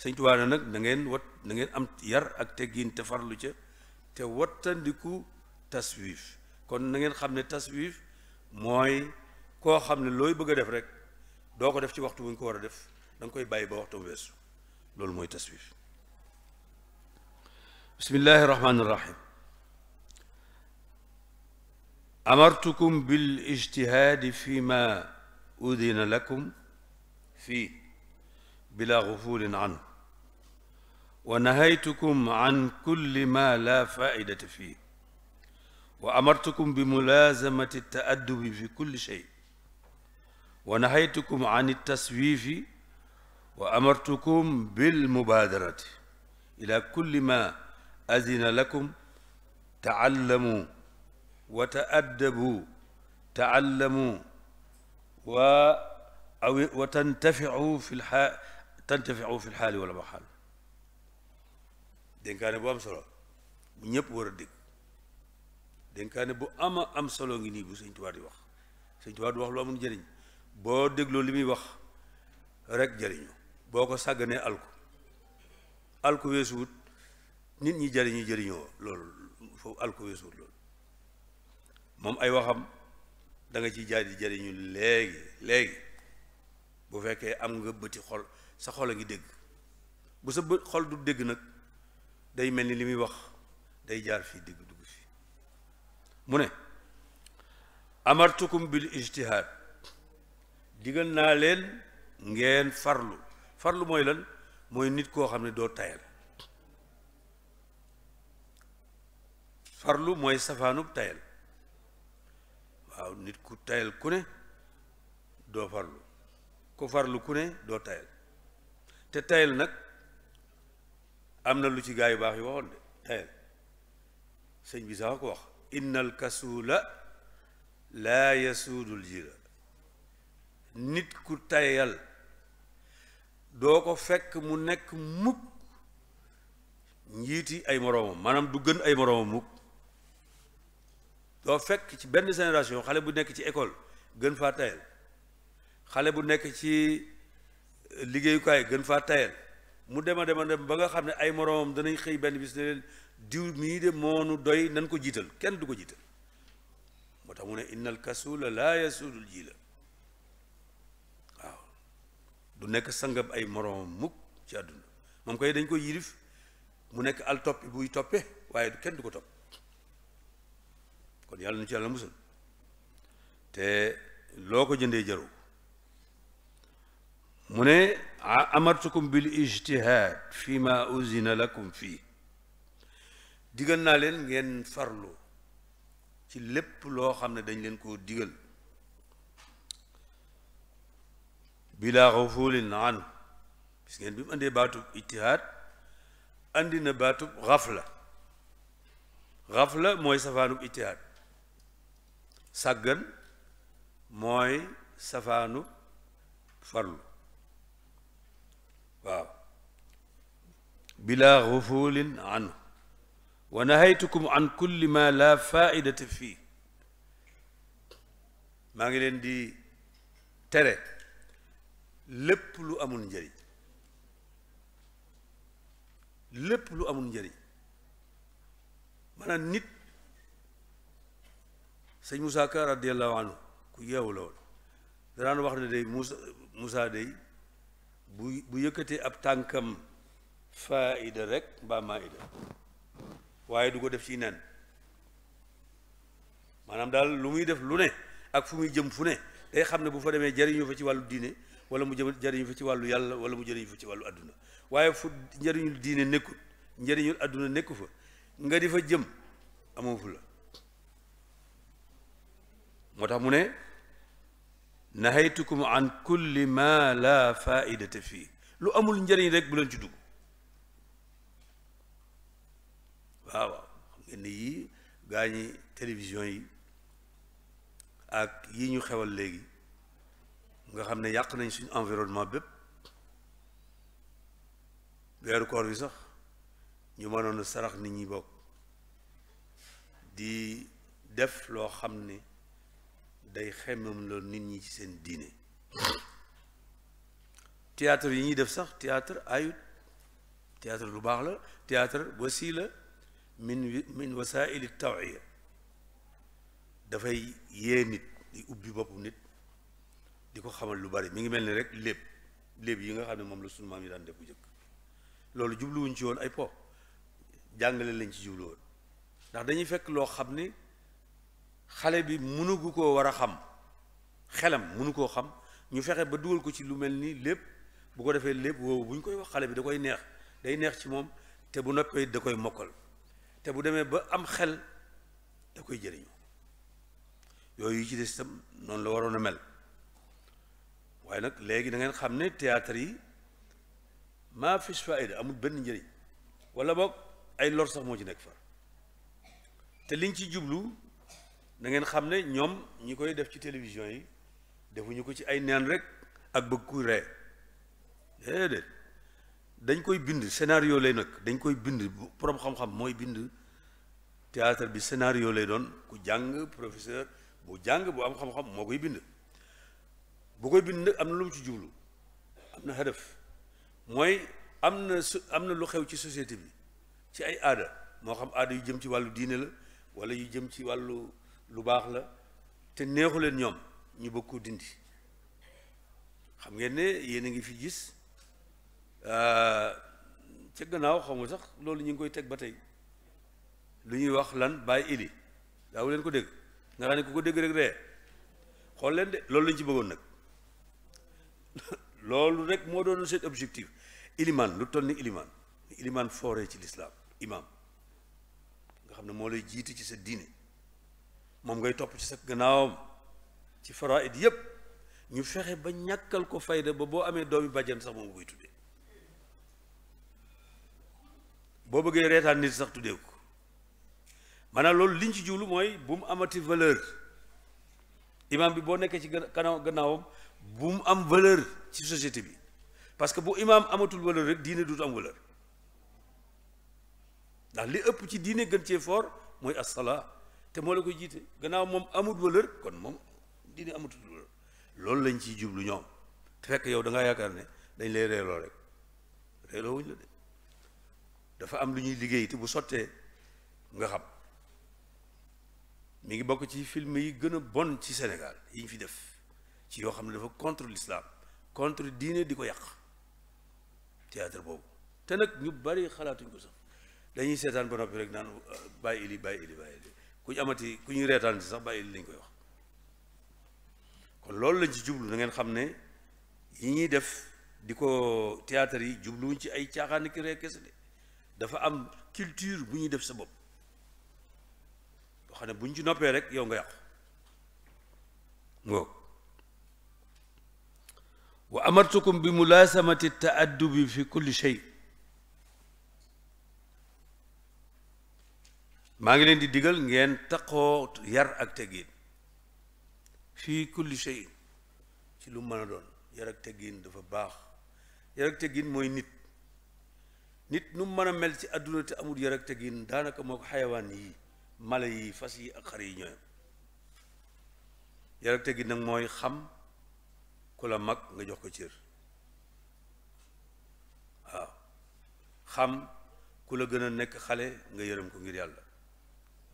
A: sëñ Tuubaa na nag na ngeen wat na ngeen am yar ak giin te farlu ca te wattandiku taswif kon na ngeen xam ne taswif mooy koo xam ne looy bëgg a def rek doo ko def ci waxtu wuñ ko war a def danga koy bàyyi ba waxtu weesu loolu mooy taswif bismillahi rahmaani rahim أمرتكم بالاجتهاد فيما أذن لكم فيه بلا غفول عنه ونهيتكم عن كل ما لا فائدة فيه وأمرتكم بملازمة التأدب في كل شيء ونهيتكم عن التسويف وأمرتكم بالمبادرة إلى كل ما أذن لكم تعلموا وتأدبوا تعلموا و أو وتنتفعوا في الحال تنتفعوا في الحال والمحال. دين كان بو أمسلو نيب وردك دين كان بو أما أمسلو غيني بو سين تواري وخ سين تواري وخ لو أمون جرين بو دك لو لمي وخ رك جرين بو كو ساغني ألكو ألكو ويسود نين ني جرين جرين لول فو ألكو ويسود لول moom ay waxam danga nga ciy jaar di jariñu léegi léegi bu fekkee am nga bëti xol sa xol a ngi dégg bu sa bët xol du dégg nag day mel ni li muy wax day jaar fii dégg dugg fii mu ne amartukum bil ijtihaad digal naa leen ngeen farlu farlu mooy lan mooy nit koo xam ne doo tayal farlu mooy safaanub tayal waaw nit ku tayal ku ne doo farlu ku farlu ku ne doo tayal te tayal nag am na lu ci gaa yu baax yi waxoon de tayal sëñ bi sax ko wax innal kasuula laa yasuudul jira nit ku tayal doo ko fekk mu nekk mukk njiiti ay moroomam maanaam du gën ay moroomam mukk doo fekk ci benn génération xale bu nekk ci école gën faa tayal xale bu nekk ci liggéeyukaay gën faa tayal mu dema dema dem ba nga xam ne ay moroomam danañ xëy benn bis ne leen diw mii de moonu doy nan ko jiital kenn du ko jiital moo tax mu ne innal kasula laa yasudul ji la waaw du nekk sangab ay moroomam mukk ci àdduna moom koy dañ ko yirif mu nekk al toppi buy toppe waaye kenn du ko topp kon yàlla na ci musal te loo ko jëndee jaru mu ne amartukum bil ijtihaad fi ma uzina lakum fii digal naa leen ngeen farlu ci lépp loo xam ne dañ leen ko digal bilaa xafulin anu gis ngeen bi inde andee baatub ijtihaad andi na baatub xafla xafla mooy safaanub ijtihaad sàggan mooy safaanu farlu waaw bila xufulin anhu wa nahaytukum an kulli ma la faidata fii maa ngi leen di tere lépp lu amul njëriñ lépp lu amul njëriñ maanaam nit sëñ Moussa Ka radiyallahu anhu ku yeewu la woon danaan wax ne day Moussa Moussa bu bu yëkkatee ab tànkam faida rek mbaa maida waaye du ko def ci nen maanaam daal lu muy def lu ne ak fu muy jëm fu ne day xam ne bu fa demee jariñu fa ci wàllu diine wala mu jëm jariñu fa ci wàllu yàlla wala mu jariñu fa ci wàllu àdduna waaye fu njariñul diine nekkul njariñul àdduna nekku fa nga di fa jëm amoo la moo tax nahaytukum an kulli ma la faidata fi lu amul njëriñ rek bu leen ci dugg waaw waaw xam ngeen ni télévision yi ak yi ñu xewal legi nga xam ne yàq nañ suñu environnement bépp weeru koor bi sax ñu mënoon sarax nit ñi bok di def loo xam ne day xemmam loolu nit ñi ci seen diine théâtre yi ñuy def sax théâtre ayut théâtre lu baax la théâtre wasila min min wasaili tawiya dafay yee nit di ubbi bopp nit di ko xamal lu bari mi ngi mel ni rek lépp lépp yi nga xam ne moom la sunu maam yi daan def bu njëkk loolu jubluwuñ ci woon ay po jàngale lañ ci jubluwoon ndax dañuy fekk loo xam ni xale bi mënugu koo wara xam xelam mënu koo xam ñu fexe ba dugal ko ci lu melni lépp bu ko défé lépp wo buñ koy wax xale bi da koy neex day neex ci mom te bu noppé da koy mokkal te bu démé ba am xel da koy jëriñu yooyu ci dess tam non la warona mel waaye nak légui da ngeen xam ne théâtre yi ma fi faida amul ben jëriñ wala bok ay lor sax mo ci nek fa te liñ ci jublu na ngeen xam ne ñoom ñi koy def ci télévision yi defuñu ko ci ay neen rek ak bëgg ku ree dañ koy bind scénario lay nag dañ koy bind borom xam-xam mooy bind théâtre bi scénario lay doon ku jàng professeur bu jàng bu am xam-xam moo koy bind bu koy bind nag am na lu mu ci jublu am na hadaf mooy am na su am na lu xew ci société bi ci ay aada moo xam aada yu jëm ci wàllu diine la wala yu jëm ci wàllu lu baax la te neexu leen ñoom ñu bëgg ko dindi xam ngeen ne yéen a ngi fi gis euh, ca gannaaw xaw ma sax loolu ñu ngi koy teg ba tey lu ñuy wax lan bàyyi ili daawu leen ko dégg nga xam ne ku ko dégg rek ree xool leen de loolu lañ ci bëggoon nag loolu rek moo doon seen objectif ilimaan lu toll ni ilimaan ilimaan fooree ci lislaam imaam nga xam ne moo lay jiite ci sa diine moom ngay topp ci sa gannaawam ci faraid yépp ñu fexe ba ñàkkal ko fayda ba boo amee doomi bàjjan sax moom koy tuddee boo bëggee reetaan nit sax tuddee ko maanaam loolu liñ ci jiwlu mooy bu mu amati valeur imaam bi boo nekkee ci kanam gannaawam bu mu am valeur ci société bi parce que bu imaam amatul valeur rek diine dutu am valeur ndax li ëpp ci diine gën cee fort mooy assalaa te moo la ko jiite gannaaw moom amut valeur kon moom diine amatul valeur loolu lañ ciy jublu ñoom te fekk yow da ngaa yaakaar ne dañ lay reeloo rek reeloo wuñ la de dafa am lu ñuy liggéey te bu sottee nga xam mu ngi bokk ci film yi gën a bon ci Sénégal yi ñu fi def ci yoo xam ne dafa contre l'islam contre diine di ko yàq théâtre boobu te nag ñu bari xalaatuñ ko sax dañuy seetaan ba noppi rek naan bàyyi ili bàyyi ili bàyyi ku ñu amati ku ñuy reetaan si sax bàyyi li lañ koy wax kon loolu lañ ci jublu na ngeen xam ne yi ñuy def di ko théâtre yi jubluwuñ ci ay caaxaani ki ree kese de dafa am culture bu ñuy def sa bopp boo xam ne bu ñu ci noppee rek yow nga yàqu ngoo wa amartukum bi mulaasamati taaddubi fi kulli shay maa ngi leen di diggal ngeen taqoo yar ak teggin fii kulli shay ci lu mën a doon yar ak teggin dafa baax yar ak teggin mooy nit nit nu mën a mel ci àdduna te amul yar ak teggin daanaka moo ko yi mala yi fas yi ak xar yi ñooyam yar ak mooy xam ku la mag nga jox ko cër waaw xam ku la gën a nekk xale nga yërëm ko ngir yàlla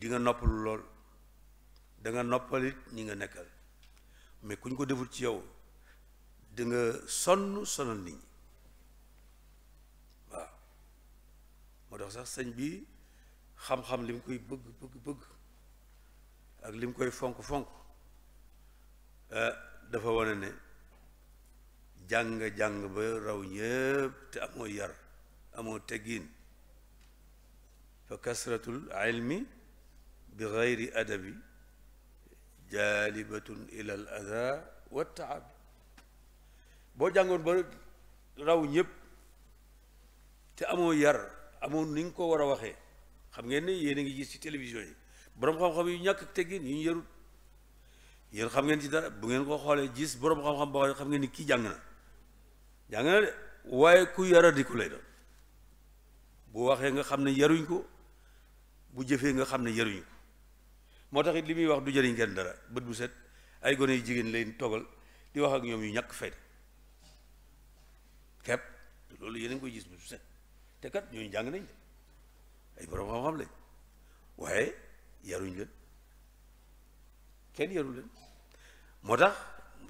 A: di nga noppalu lool danga nga noppalit ñi nga nekkal mais kuñ ko deful ci yow di nga sonn sonal nit ñi waaw moo tax sax señ bi xam-xam li mu koy bëgg bëgg bëgg ak li mu koy fonk fonk eh, dafa wane ne jàng jàng ba raw ñépp te amoo yar amoo teggin fa kasratul ilmi بغير أدب جالبة إلى الأذى والتعب boo jàngoon ba raw ñëpp te amoo yar amoo ni nga ko war a waxee xam ngeen ne yéen a ngi gis ci télévision yi borom xam-xam yu ñàkk teggin yu ñu yarut yéen xam ngeen ci dara bu ngeen ko xoolee gis borom xam-xam boo xam ngeen ni kii jàng na jàng na de waaye ku yaradiku lay doon bu waxee nga xam ne yaruñ ko bu jëfee nga xam ne yaruñ ko moo tax it li muy wax du jëriñ kenn dara bët bu set ay gone yu jigéen lay toggal di wax ak ñoom yu ñàkk fayda kepp loolu yéen a koy gis bu set te kat ñooñu jàng nañ ay borom xam waaye yaruñ leen kenn yaru moo tax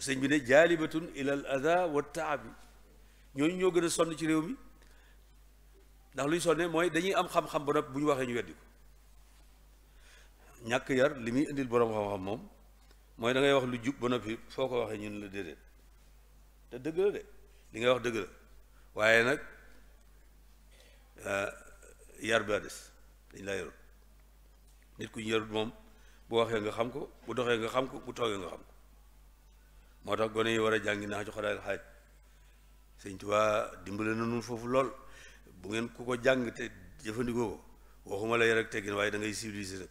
A: sëñ bi ne jaalibatun ilal ada wa taabi ñooñu ñoo gën a sonn ci réew mi ndax luñ sonne mooy dañuy am xam-xam ba noppi bu ñu waxee ñu weddi ko ñàkk yar li muy indil boroom xam-xam moom mooy dangay wax lu jub ba noppi foo ko waxee ñun la déedéet te dëgg la de li ngay wax dëgg la waaye nag euh, yar ba des dañ laa yarut nit ku ñu yarut moom bu waxee nga xam ko bu doxee nga xam ko bu toogee nga xam ko moo tax gone yi war a jàngi naa ci xodaal xaaj sëñ Tuubaa dimbale na nun foofu lool bu ngeen ku ko jàng te jëfandikoo ko waxuma la yar ak teggin waaye da ngay civilisé rek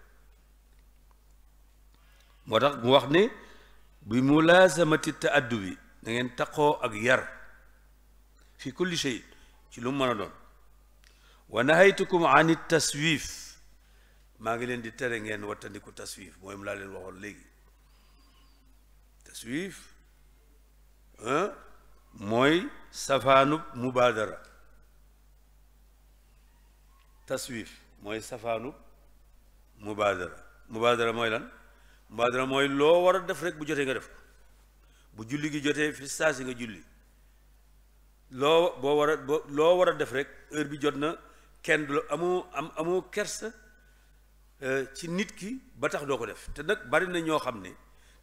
A: moo tax mu wax ni bi mulaasamati taaddubi da ngeen taqoo ak yar fi kulli shay ci lu mu mën a doon wa nahaytukum an taswif maa ngi leen di tere ngeen wattandiku taswif mooy mu laa leen waxoon léegi taswif mooy safaanub mubaadara taswif mooy safaanub mubaadara mubaadara mooy lan mbaadara mooy loo war a def rek bu jotee nga def ko bu julli gi jotee fi saa si nga julli loo boo war a loo war a def rek heure bi jot na kenn du la amoo am amoo kersa euh, ci nit ki ba tax doo ko def te nag bari na ñoo xam ne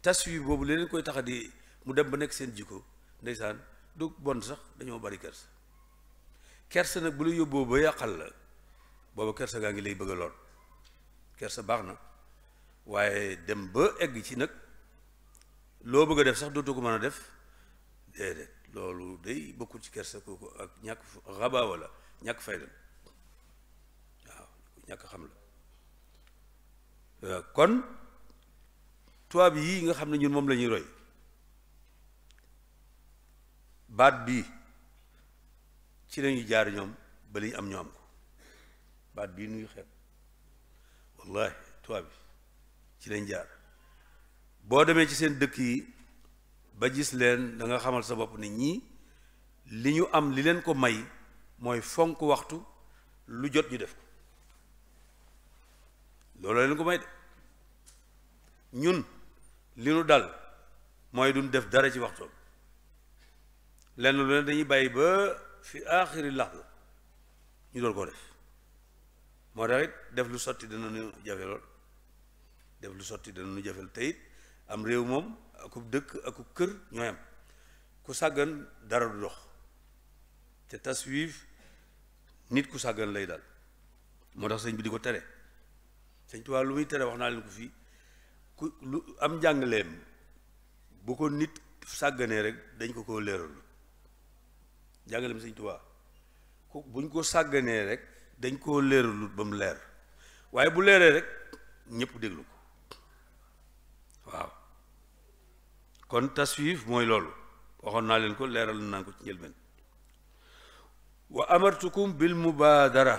A: tas wi boobu leneen koy tax di mu dem ba nekk seen jikko ndeysaan du bon sax dañoo bari kersa kerse nag bu la yóbboo ba yàqal la booba kerse gaa ngi lay bëgg a lool kerse baax na waaye dem ba egg ci nag loo bëgg a def sax dootu ko mën a def déedéet loolu day bokkul ci kersa ak ñàkk xabaa wala ñàkk fayda waaw ñàkk xam la kon tubaab yi nga xam ne ñun moom lañuy roy baat bii ci lañuy jaar ñoom ba li ñu am ñoo ko baat bii nuy xeeb wallahi tubaab yi ci lañ jaar boo demee ci seen dëkk yi ba gis leen danga xamal sa bopp nit ñi li ñu am li leen ko may mooy fonk waxtu lu jot ñu def ko loolu leen ko may de ñun li nu dal mooy duñ def dara ci waxtoom lenn lu leen dañuy bàyyi ba fi aaxiri lax la ñu doon ko def moo tax def lu sotti dina ñu jafe lool def lu sotti dana nu jafel teyit am réew moom akub dëkk akub kër ñooyam ku sàggan dara du dox te taswiif nit ku sàggan lay dal moo tax sëñ bi di ko tere sëñ Tuubaa lu muy tere wax naa leen ko fii ku lu am njàngaleem bu ko nit sàgganee rek dañ ko ko leeral njàngaleem sëñ Tuubaa ku buñ ko sàgganee rek dañ koo leeralut ba mu leer waaye bu leeree rek ñépp déglu ko kon taswif mooy loolu waxoon naa leen ko leeral naa ko ci njëlbeen wa amartukum bil mubaadara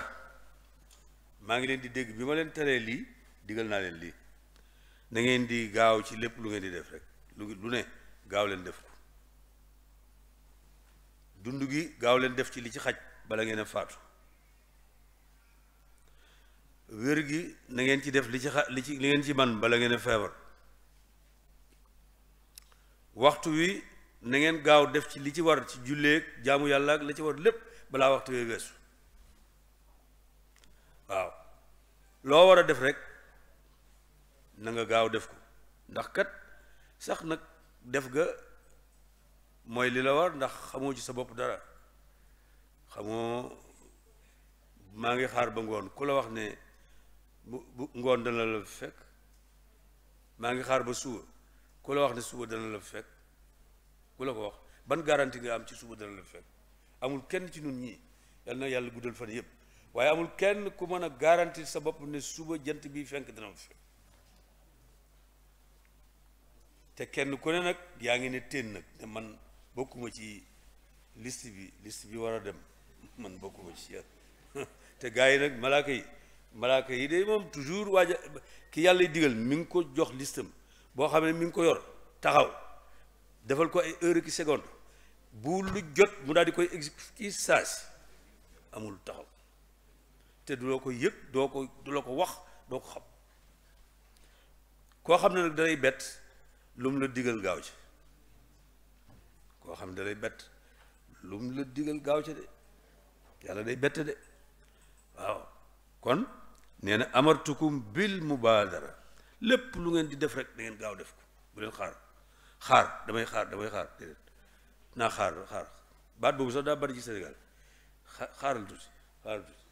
A: maa ngi leen di dégg bi ma leen teree lii digal naa leen lii na ngeen di gaaw ci lépp lu ngeen di def rek lu lu ne gaaw leen def ko dund gi gaaw leen def ci li ci xaj bala ngeen a faatu wér gi na ci def li ci xa li ci li ngeen ci man bala ngeen a feebar waxtu wi na ngeen gaaw def ci li ci war ci julleeg jaamu yalla ak li ci war lepp bala waxtu wi wessu waaw lo wara def rek na nga gaaw def ko ndax kat sax nak def ga moy li la war ndax xamo ci sa bop dara xamo ma ngi xaar ba ngoon ku la wax ne bu ngoon dana la fekk ma ngi xaar ba suur ku la wax ne suba dana la fekk ku la ko wax ban garanti nga am ci suba dana la fekk amul kenn ci nun ñii yal na yàlla guddal fan yëpp waaye amul kenn ku mën a garantie sa bopp ne suba jant bi fenk dana ma fekk te kenn ku ne nag yaa ngi ne teen nag ne man bokkuma ci list bi list bi war a dem man bokkuma ci te gars yi nag malaaka yi malaaka yi de moom toujours waaja ki yàlla digal mi ngi ko jox listam boo xam ne mi ngi ko yor taxaw defal ko ay heure ki seconde bu lu jot mu daal di koy exécuter ci saasi amul taxaw te du loo ko yëg doo ko du la ko wax doo ko xam koo xam ne nag dalay bett lu mu la digal gaaw ci koo xam ne dalay bett lu mu gaaw ci de yàlla day bett de waaw kon nee na amartukum bil dara lépp lu ngeen di def rek da ngeen gaaw def ko bu leen xaar xaar damay xaar damay xaar déedéet naa xaar xaar baat boobu sax daa bari ci Sénégal xaaral tuuti xaaral tuuti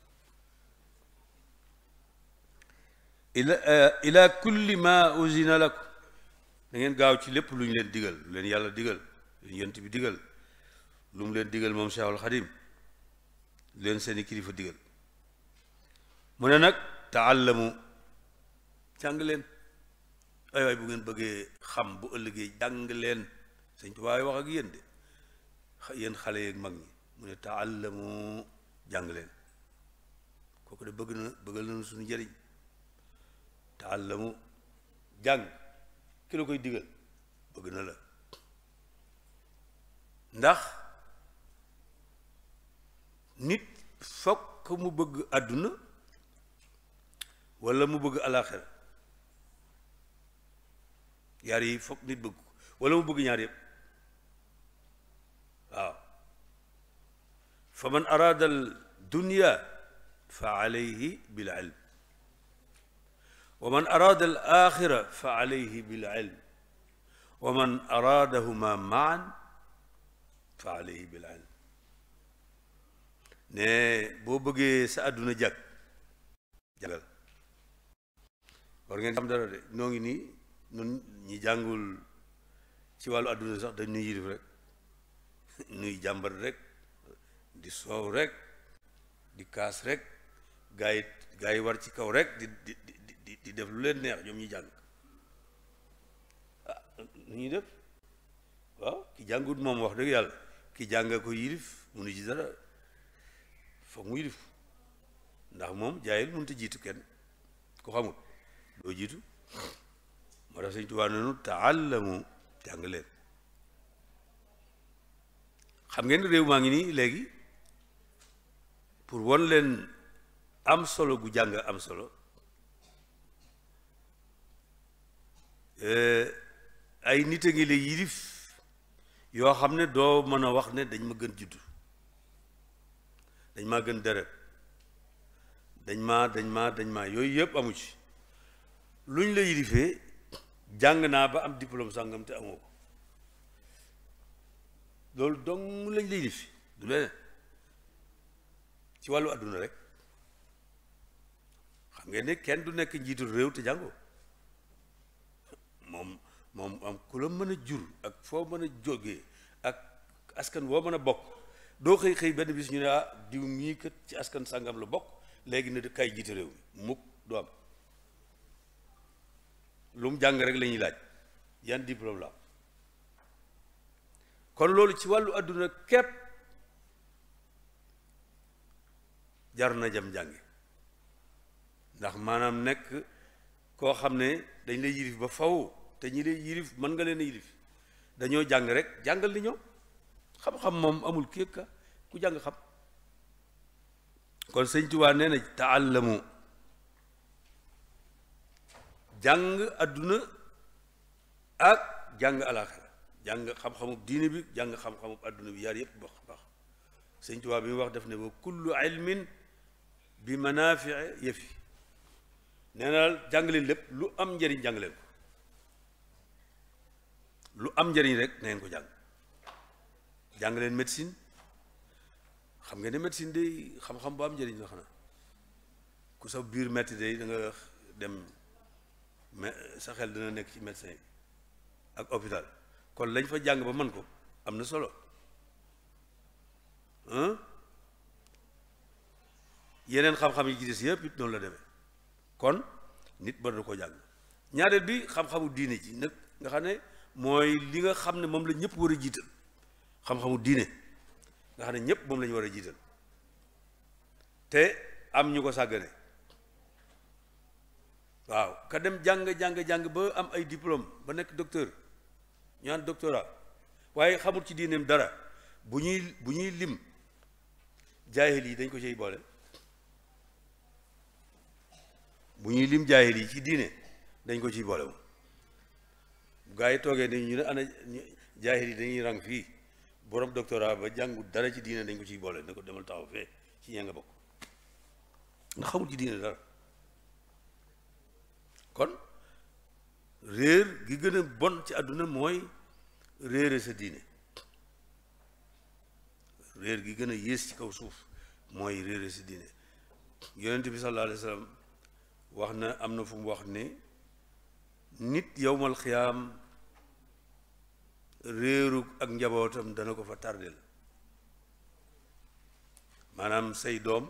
A: ila euh, ila kulli ma usina lakum da gaaw ci lépp lu ñu leen digal leen yàlla digal lu yent bi digal lu leen digal moom Cheikhul Xadim lu leen seeni kilifa digal mu ne nag taallamu jàng leen ay waay bu ngeen bëggee xam bu ëllëgee jàng leen sëñ Tuubaa wax ak yéen de yéen xale yeeg mag ñi mu ne taallamu jàng leen kooku de bëgg na bëgg nañu suñu njëriñ taallamu jàng ki la koy digal bëgg na la ndax nit fokk mu bëgg àdduna walla mu bëgg alaaxira yaar yi foog nit bëgg ko wala mu bëgg ñaar yëpp waaw fa man araada al dunya fa alayhi bil ilm wa man araada al axira fa alayhi bil ilm wa man araadahuma maan fa alayhi bil ilm ne boo bëggee sa àdduna jàkk jàngal war ngeen xam dara de noo ngi nii nun ñi jàngul ci wàllu àdduna sax dañ nuy yilif rek nuy jàmbar rek di soow rek di kaas rek gaa yi gaa yi war ci kaw rek di di di def lu leen neex ñoom ñi jàng ah nu ñuy def waaw ki jàngut moom wax dëgg yàlla ki jàng ko yilif munu ci dara foog mu yilif ndax moom jaayil mënut a jiitu kenn ku xamul doo jiitu moo tax sëñ Tuubaa noonu taallamu jàng leen xam ngeen réew maa ngi nii léegi pour won leen am solo gu jàng am solo eh, ay nit a ngi la yilif yoo xam ne doo mën a wax ne dañ ma gën juddu dañ maa gën deret dañ maa dañ maa dañ ma yooyu yëpp amu ci luñ la yilifee jàng naa ba am diplôme sàngam te amoo ko loolu dong lañ lay lifi du leneen ci wàllu àdduna rek xam ngeen ne kenn du nekk njiitu réew te jàngoo moom moom am ku la mën a jur ak foo mën a jóge ak askan woo mën a bokk doo xëy xëy benn bis ñu ne ah diw mii kat ci askan sàngam la bokk léegi ne kay jiite réew mi mukk du am lu mu jàng rek la ñuy laaj yan diplôme la kon loolu ci wàllu àdduna képp jar na jam jàngi ndax maanaam nekk koo xam ne dañ lay yirif ba faw te ñi lay yirif mën nga leen a yirif dañoo jàng rek jàngal li ñoom xam-xam moom amul kékka ku jàng xam kon sëñ Tuubaa nee na taallamu jàng adduna ak jàng alaaxira jàng xam-xamu diini bi jàng xam-xamu adduna bi yaar yépp baax baax sëñ Tuubaa bi mu wax def ne wa kullu ilmin bi manaafi yëfi nee na jàng leen lépp lu am njëriñ jàng leen ko lu am njëriñ rek na ngeen ko jàng jàng leen médecine xam nga ne médecine day xam-xam bu am njëriñ la xanaa ku sa biir metti day da dem mais sa xel dina nekk ci médecin bi ak hôpital kon lañ fa jàng ba man ko am na solo yeneen xam-xam yi si yëpp it noonu la demee kon nit mën na ko jàng ñaareel bi xam-xamu diine ji nag nga xam ne mooy li nga xam ne moom la ñëpp war a jiital xam-xamu diine nga xam ne ñëpp moom la war a jiital te am ñu ko sàggane waaw ka dem jàng jàng jàng ba am ay diplôme ba nekk docteur ñaan doctorat waaye xamul ci diineem dara bu ñuy bu ñuy lim jaahil yi dañ ko ciy boole bu ñuy lim jaahil yi ci diine dañ ko ciy boole gaa yi toogee dañu ñu ne ana jaahil yi dañuy rang fii borom doctorat ba jàngu dara ci diine dañ ko ciy boole ne ko demal taxaw fee ci ñee nga bokk nga xamul ci diine dara kon réer gi gën a bon ci àdduna mooy réere sa diine réer gi gën a yées ci kaw suuf mooy réere sa diine yonent bi sallallahu alayhi wa wax na am na fu mu wax ne nit yowmal xiyaam réeru ak njabootam dana ko fa la maanaam say doom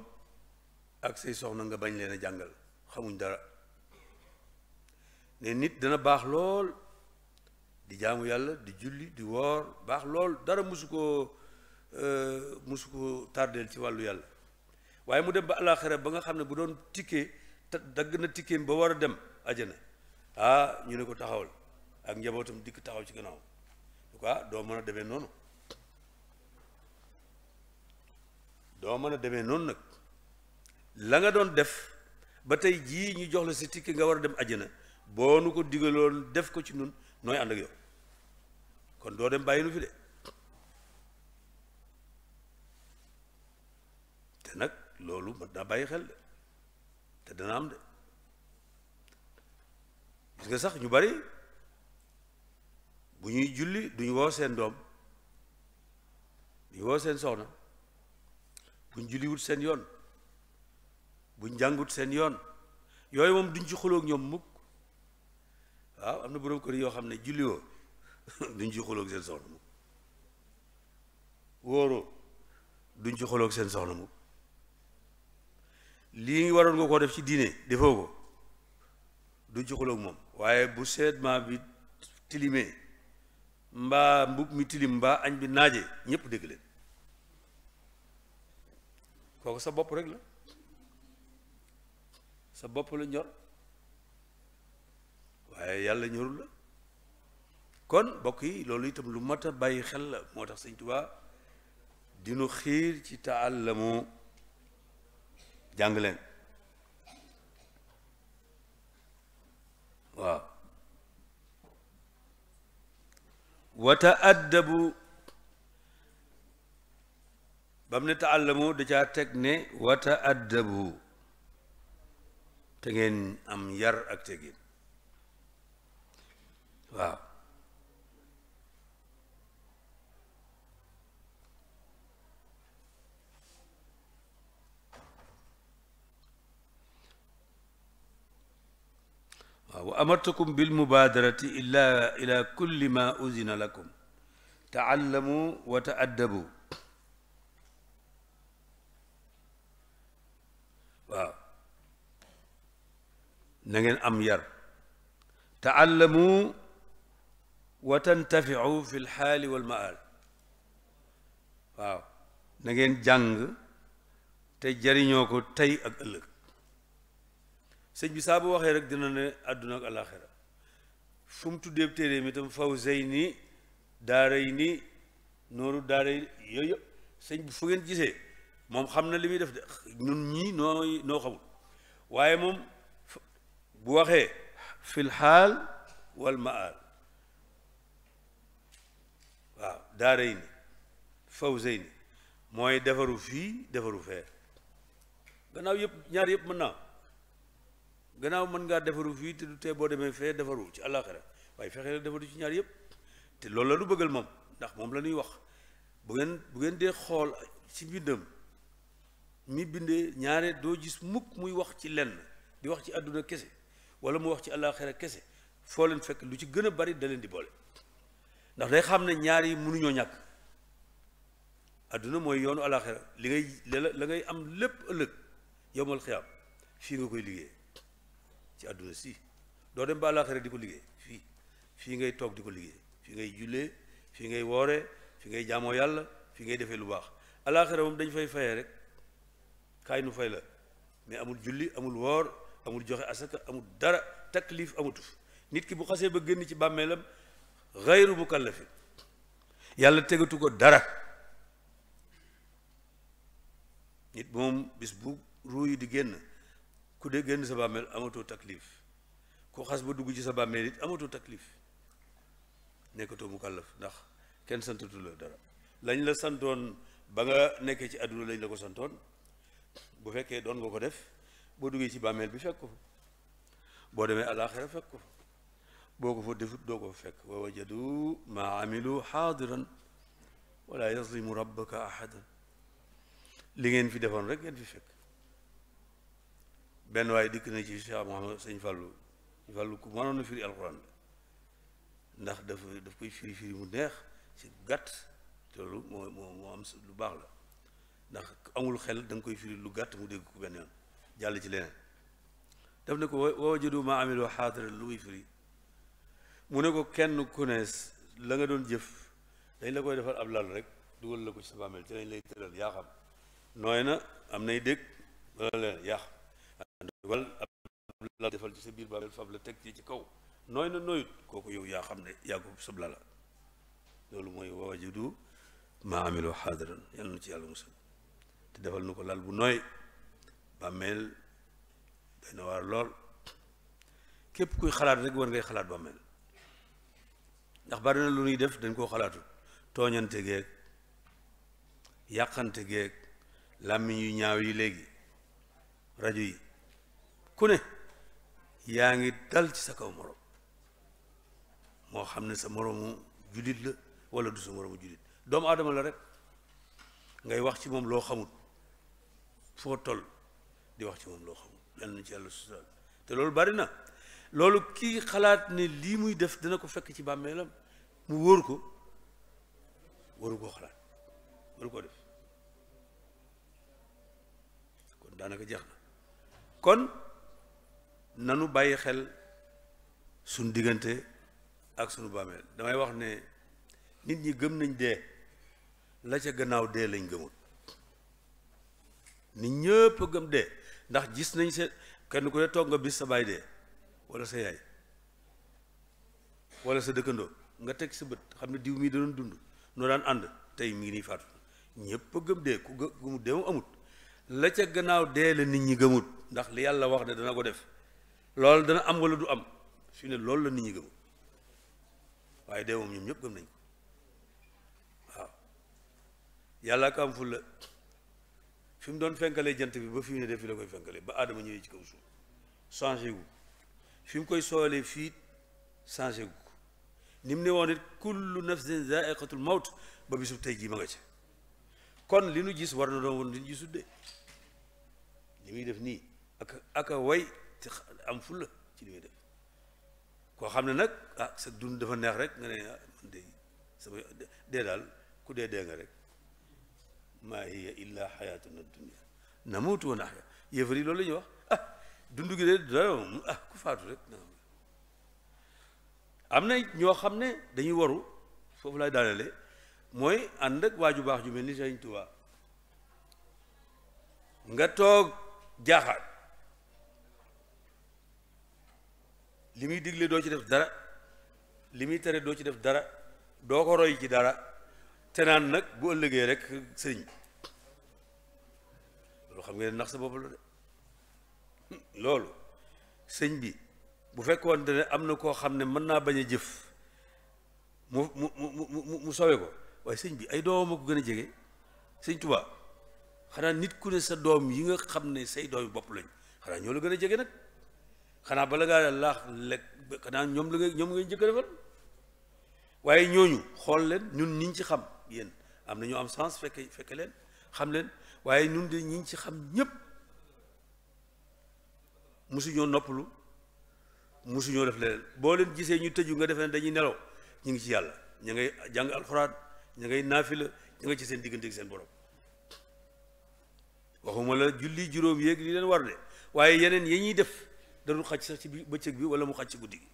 A: ak say soxna nga bañ leen a jàngal xamuñ dara ne nit dana bax lol di jaamu yalla di julli di wor bax lol dara musuko euh musuko tardel ci walu yalla waye mu dem ba alaxira ba nga xamne bu don tiké dag na tiké ba war dem ajana ah ñu ne ko taxawal ak njabotum dik taxaw ci gënaaw en do cas mana mën do demee déme non nak la nga don def ba ji jii ñu jox la si tiké nga wara dem ajana boo nu ko digaloon def ko ci nun nooy ànd ak yow kon doo dem bàyyi nu fi de te nag loolu mën naa bàyyi xel de te dana am de gis nga sax ñu bari bu ñuy julli duñu woo seen doom duñu woo seen soxna buñ julliwut seen yoon buñ jàngut seen yoon yooyu moom duñ ci xuloog ñoom mukk waaw am na borom kër yoo xam ne julliwoo duñ ci xoloog seen soxna mukk wóoroo duñ ci xoloog seen soxna mukk lii waroon nga koo def ci diine defoo ko duñ ci xoloog moom waaye bu seetma bi tilimee mbaa mbub mi tilim mbaa añ bi naaje ñépp dégg leen kooku sa bopp rek la sa bopp la ñor waaye yàlla ñorul la kon bokk yi loolu itam lu mat a bàyyi xel la moo tax sëñ Tuubaa dinu xiir ci taallamu jàng leen waaw wa taaddabu ba mu ne taallamu da caa teg ne wa taaddabu te ngeen am yar ak tegin Wow. وأمرتكم بالمبادرة إلا إلى كل ما أذن لكم تعلموا وتأدبوا واو na ngeen تعلموا watantafiu fi lxaali walmaal waaw na ngeen jàng te jariñoo ko tey ak ëllëg sëñ bi saa bu waxee rek dina ne àdduna ak alaxira fu mu tuddee téere mi tam faw zey ni daaray ni nooru daara yi yooyu sëñ bi fu ngeen gisee moom xam na li muy def de ñun ñii nooy noo xamul waaye moom bu waxee fi lxaal walmaal دارين فوزين موي دفرو في دفرو في غناو ييب نيار ييب منا غناو من nga دفرو في تي تي بو ديمي في دفرو سي الاخره واي فخير دفرو سي نيار ييب تي لول لا دو بغل موم داخ موم لا نوي واخ بوغن بوغن دي خول سي بيدم مي بيند نيار دو جيس موك موي واخ سي لن دي واخ سي ادونا كسي ولا مو واخ سي الاخره كسي فولن فك لو سي غنا بري دالين دي بولي ndax day xam ne ñaari yi mënuñoo ñàkk adduna mooy yoonu alaxira li ngay la ngay am lépp ëllëg yowmal xiyaam fii nga koy liggéey ci adduna si doo dem ba alaxira di ko liggéey fii fii ngay toog di ko liggéey fii ngay jullee fii ngay woore fii ngay jaamoo yàlla fii ngay defee lu baax alaxira moom dañ fay fayee rek kaay nu fay la mais amul julli amul woor amul joxe asaka amul dara taklif amatu nit ki bu xasee ba génn ci bàmmeelam xayru mukallafin yàlla tegatu ko dara nit moom bis bu ruu yi di génn ku de génn sa bàmmeel amatoo taklif ku xas ba dugg ci sa bàmmeel it amatoo taklif nekkatoo mukallaf ndax kenn santatu la dara lañ la santoon ba nga nekkee ci àdduna lañ la ko santoon bu fekkee doon nga ko def boo duggee ci bàmmeel bi fekk ko boo demee àllaaxira fekk ko boo ko fa defut doo ko fekk wa wajadu maa amilu xaadiran wala yazlimu rabbaka ahadan li ngeen fi defoon rek ngeen fi fekk benn waaye dikk na ci Cheikh Mouhamad sëñ Fallou sëñ Fallou ku mënoon na firi alxuraan ndax daf daf koy firi firi mu neex ci gàtt te lu moo moo moo am lu baax la ndax amul xel da nga koy firi lu gàtt mu dégg ko benn yoon jàll ci leneen daf ne ko wa wajadu maa amilu xaadiran lu muy firi mu ne ko kenn ku ne la nga doon jëf dañ la koy defal ab lal rek dugal la ko ci sa bàmmeel ci lañ lay tëral yaa xam nooy na am nay dégg wala leen yaa xam dugal defal ci sa biir bàmmeel fab la teg ci ci kaw nooy na nooyut kooku yow yaa xam ne yaa ko sab lala loolu mooy wawajudu maa amilu xaadiran yàlla na ci yàlla musal te defal nu ko lal bu nooy bàmmeel day na waar lool képp kuy xalaat rek war ngay xalaat bàmmeel ndax bari na lu ñuy def dañ koo xalaatu tooñante geeg yàqante geeg làmmiñ yu ñaaw yi léegi rajo yi ku ne yaa ngi dal ci sa kaw morom moo xam ne sa moromu jullit la wala du sa moromu jullit doomu aadama la rek ngay wax ci moom loo xamut foo toll di wax ci moom loo xamut yal na ci yàlla susaal te loolu bari na loolu kii xalaat ne lii muy def dina ko fekk ci bàmmeelam mu wóor ko waru koo xalaat waru ko def kon daanaka jeex na kon nanu bàyyi xel suñ diggante ak sunu bàmmeel damay wax ne nit ñi gëm nañ dee la ca gannaaw dee lañ gëmul nit ñëpp gëm dee ndax gis nañ seen kenn ku ne toog nga bis sa baay dee wala sa yaay wala sa dëkkandoo nga teg sa bët xam ne diw mii da dund noo daan ànd tey mi ngi nii faatu ñépp a gëm dee ku gëmu dee mu amut la ca gannaaw dee la nit ñi gëmut ndax li yàlla wax ne dana ko def loolu dana am wala du am fi ne loolu la nit ñi gëmut waaye de moom ñoom ñëpp gëm nañ ko waaw yàlla ko am ful la fi mu doon fenkalee jant bi ba fi mu ne def fi la koy fenkalee ba aadama ñëwee ci kaw suuf changé wu فيم كوي سولي فيت سانجو نيم ني وون كل نفس ذائقه الموت بابي سو تاي جي ماغا تي كون لي نو جيس ورنا دو وون نجي سودي نيمي ديف ني اكا اكا واي ام فول تي لي ديف كو خامنا نك اه سا دون دافا نيه رك ناني دي سما دال كو دي دي ما هي الا حياتنا الدنيا نموت ونحيا يفري لولا نيي dund gi de dara mu ah ku faatu rek am na ñoo xam ne dañuy waru foofu lay daanale mooy ànd ak waaju baax ju mel ni Sëriñ Tuubaa nga toog jaaxaat li muy digle doo ci def dara li muy tere doo ci def dara doo ko roy ci dara te naan nag bu ëllëgee rek sëriñ loolu xam ngeen nax sa bopp de loolu sëñ bi bu fekkoon ne am na koo xam ne mën naa bañ a jëf mu mu mu mu sowe ko waaye sëñ bi ay doomam a gën a jege sëñ Tuubaa xanaa nit ku ne sa doom yi nga xam ne say doom bopp lañ xanaa ñoo la gën a jege nag xanaa bala ngaa laax lekk xanaa ñoom la nga ñoom ngay njëkk a waaye ñooñu xool leen ñun ñi ci xam yéen am na ñoo am sens fekk fekk leen xam leen waaye ñun de ñi ci xam ñëpp. musuñoo noppalu musuñoo def leneen boo leen gisee ñu tëju nga defee ne dañuy nelaw ñu ngi ci yàlla ñu ngay jàng alxuraan ñu ngay naafila ñu nga ci seen diggante seen borom waxuma la julli juróom yéeg li leen war de waaye yeneen yi ñuy def dañu xaj sax ci bëccëg bi wala mu xaj ci guddi gi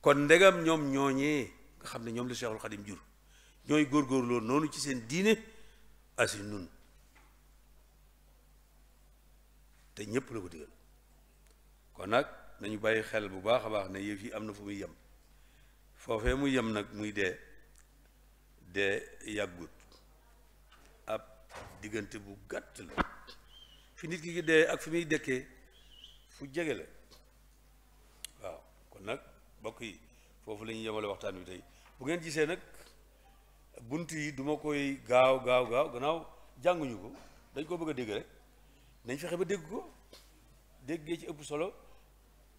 A: kon ndegam ñoom ñooñee nga xam ne ñoom la Cheikhul Xadim jur ñooy góor góorgóorloo noonu ci seen diine asi nun te ñépp la ko digal kon nag nañu bàyyi xel bu baax a baax ne yëf fii am na fu muy yem foofee mu yem nag muy dee dee yàggut ab diggante bu gàtt la fi nit ki dee ak fi muy dekkee fu jege la waaw kon nag mbokk yi foofu la ñuy waxtaan wi tey bu ngeen gisee nag bunt yi duma koy gaaw gaaw gaaw gannaaw jànguñu ko dañ koo bëgg a dégg rek nañ fexé ba dégg ko déggé ci ëpp solo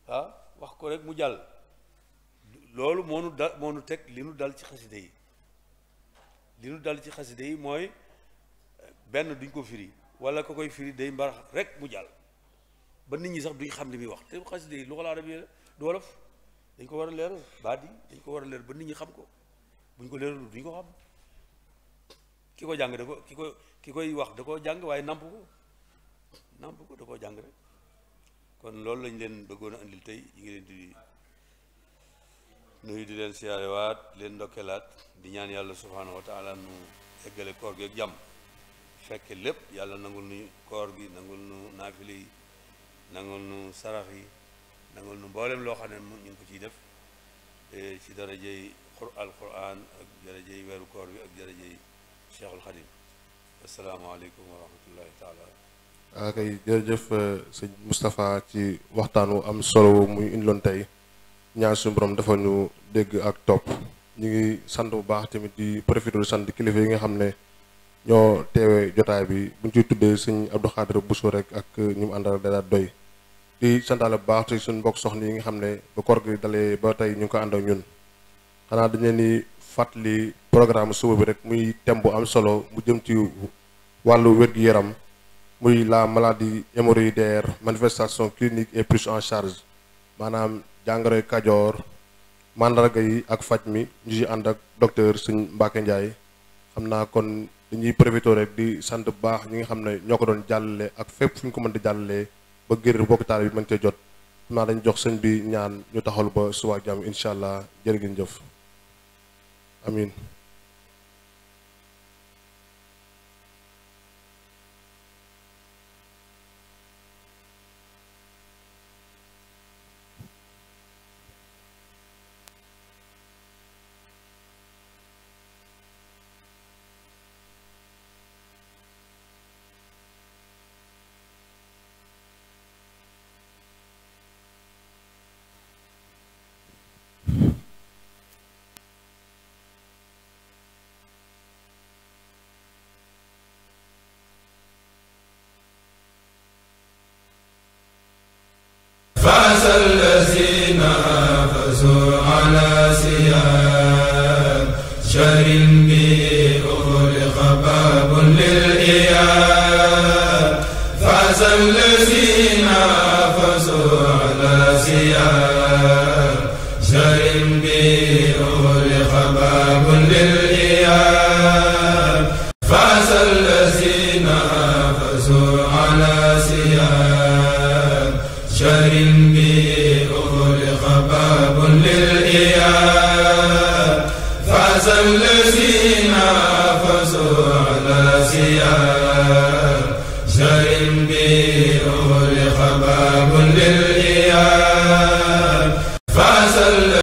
A: ha, ah, wax ko rek mu jall loolu moonu nu dal moo nu teg li nu dal ci xaside yi li nu dal ci yi moy benn duñ ko firi wala ko koy firi day mbar rek mu jall ba nit ñi sax duñ xam li muy wax te xaside yi lu xala rabbi rab du dañ ko wara leer leeral dañ ko wara leer ba nit ñi xam ko buñ ko leeralu duñ ko xam kiko jang da ko wax da ko nàmp ko da koo jàng rek kon loolu lañ leen bëggoon a andil tey ñu ngi leen di nuyu di leen siyaarewaat di leen ndokkelaat di ñaan yàlla subhaanahu wa taala nu eggale koor gi ak jàmm fekke lépp yàlla nangul nu koor gi nangul nu naafile yi nangul nu sarax yi nangul nu mboolem loo xam ne mu ngi ko ciy def e, ci darajey qur al quran ak darajey weeru koor bi ak darajey cheikhul xadim asalaamaaleykum wa rahmatullahi taala
B: waa ah, kay jërëjëf euh, sëñ ci waxtaan wu am solo muy indiloon tey ñaan suñu borom dafa ñu dégg ak topp ñu ngi sant bu baax tamit di profité di sant kilifa yi nga xam ne ñoo teewee jotaay bi bu ñu ciy tuddee sëñ Abdou Khadir Bousso rek ak ñu mu àndal dara doy di santaale bu baax te suñu mbokk soxna yi nga xam ne ba koor dalee ba tey ñu ngi ko ànd ak ñun xanaa dañu leen di fàttali programme suba bi rek muy thème bu am solo mu jëm ci wàllu wér-gu-yaram. muy la maladie hémorroïdaire manifestation clinique et prise en charge maanaam jàngoroy kajoor màndarga yi ak faj mi ñu ci ànd ak docteur Serigne Mbacké Ndiaye xam naa kon dañuy profité rek di sant bu baax ñi ngi xam ne ñoo ko doon jàllale ak fépp fu ñu ko mën di jàllalee ba gérir bokk taal bi mën cee jot xam naa dañ jox sëñ bi ñaan ñu taxal ba suba jàmm incha allah jërë ngeen jëf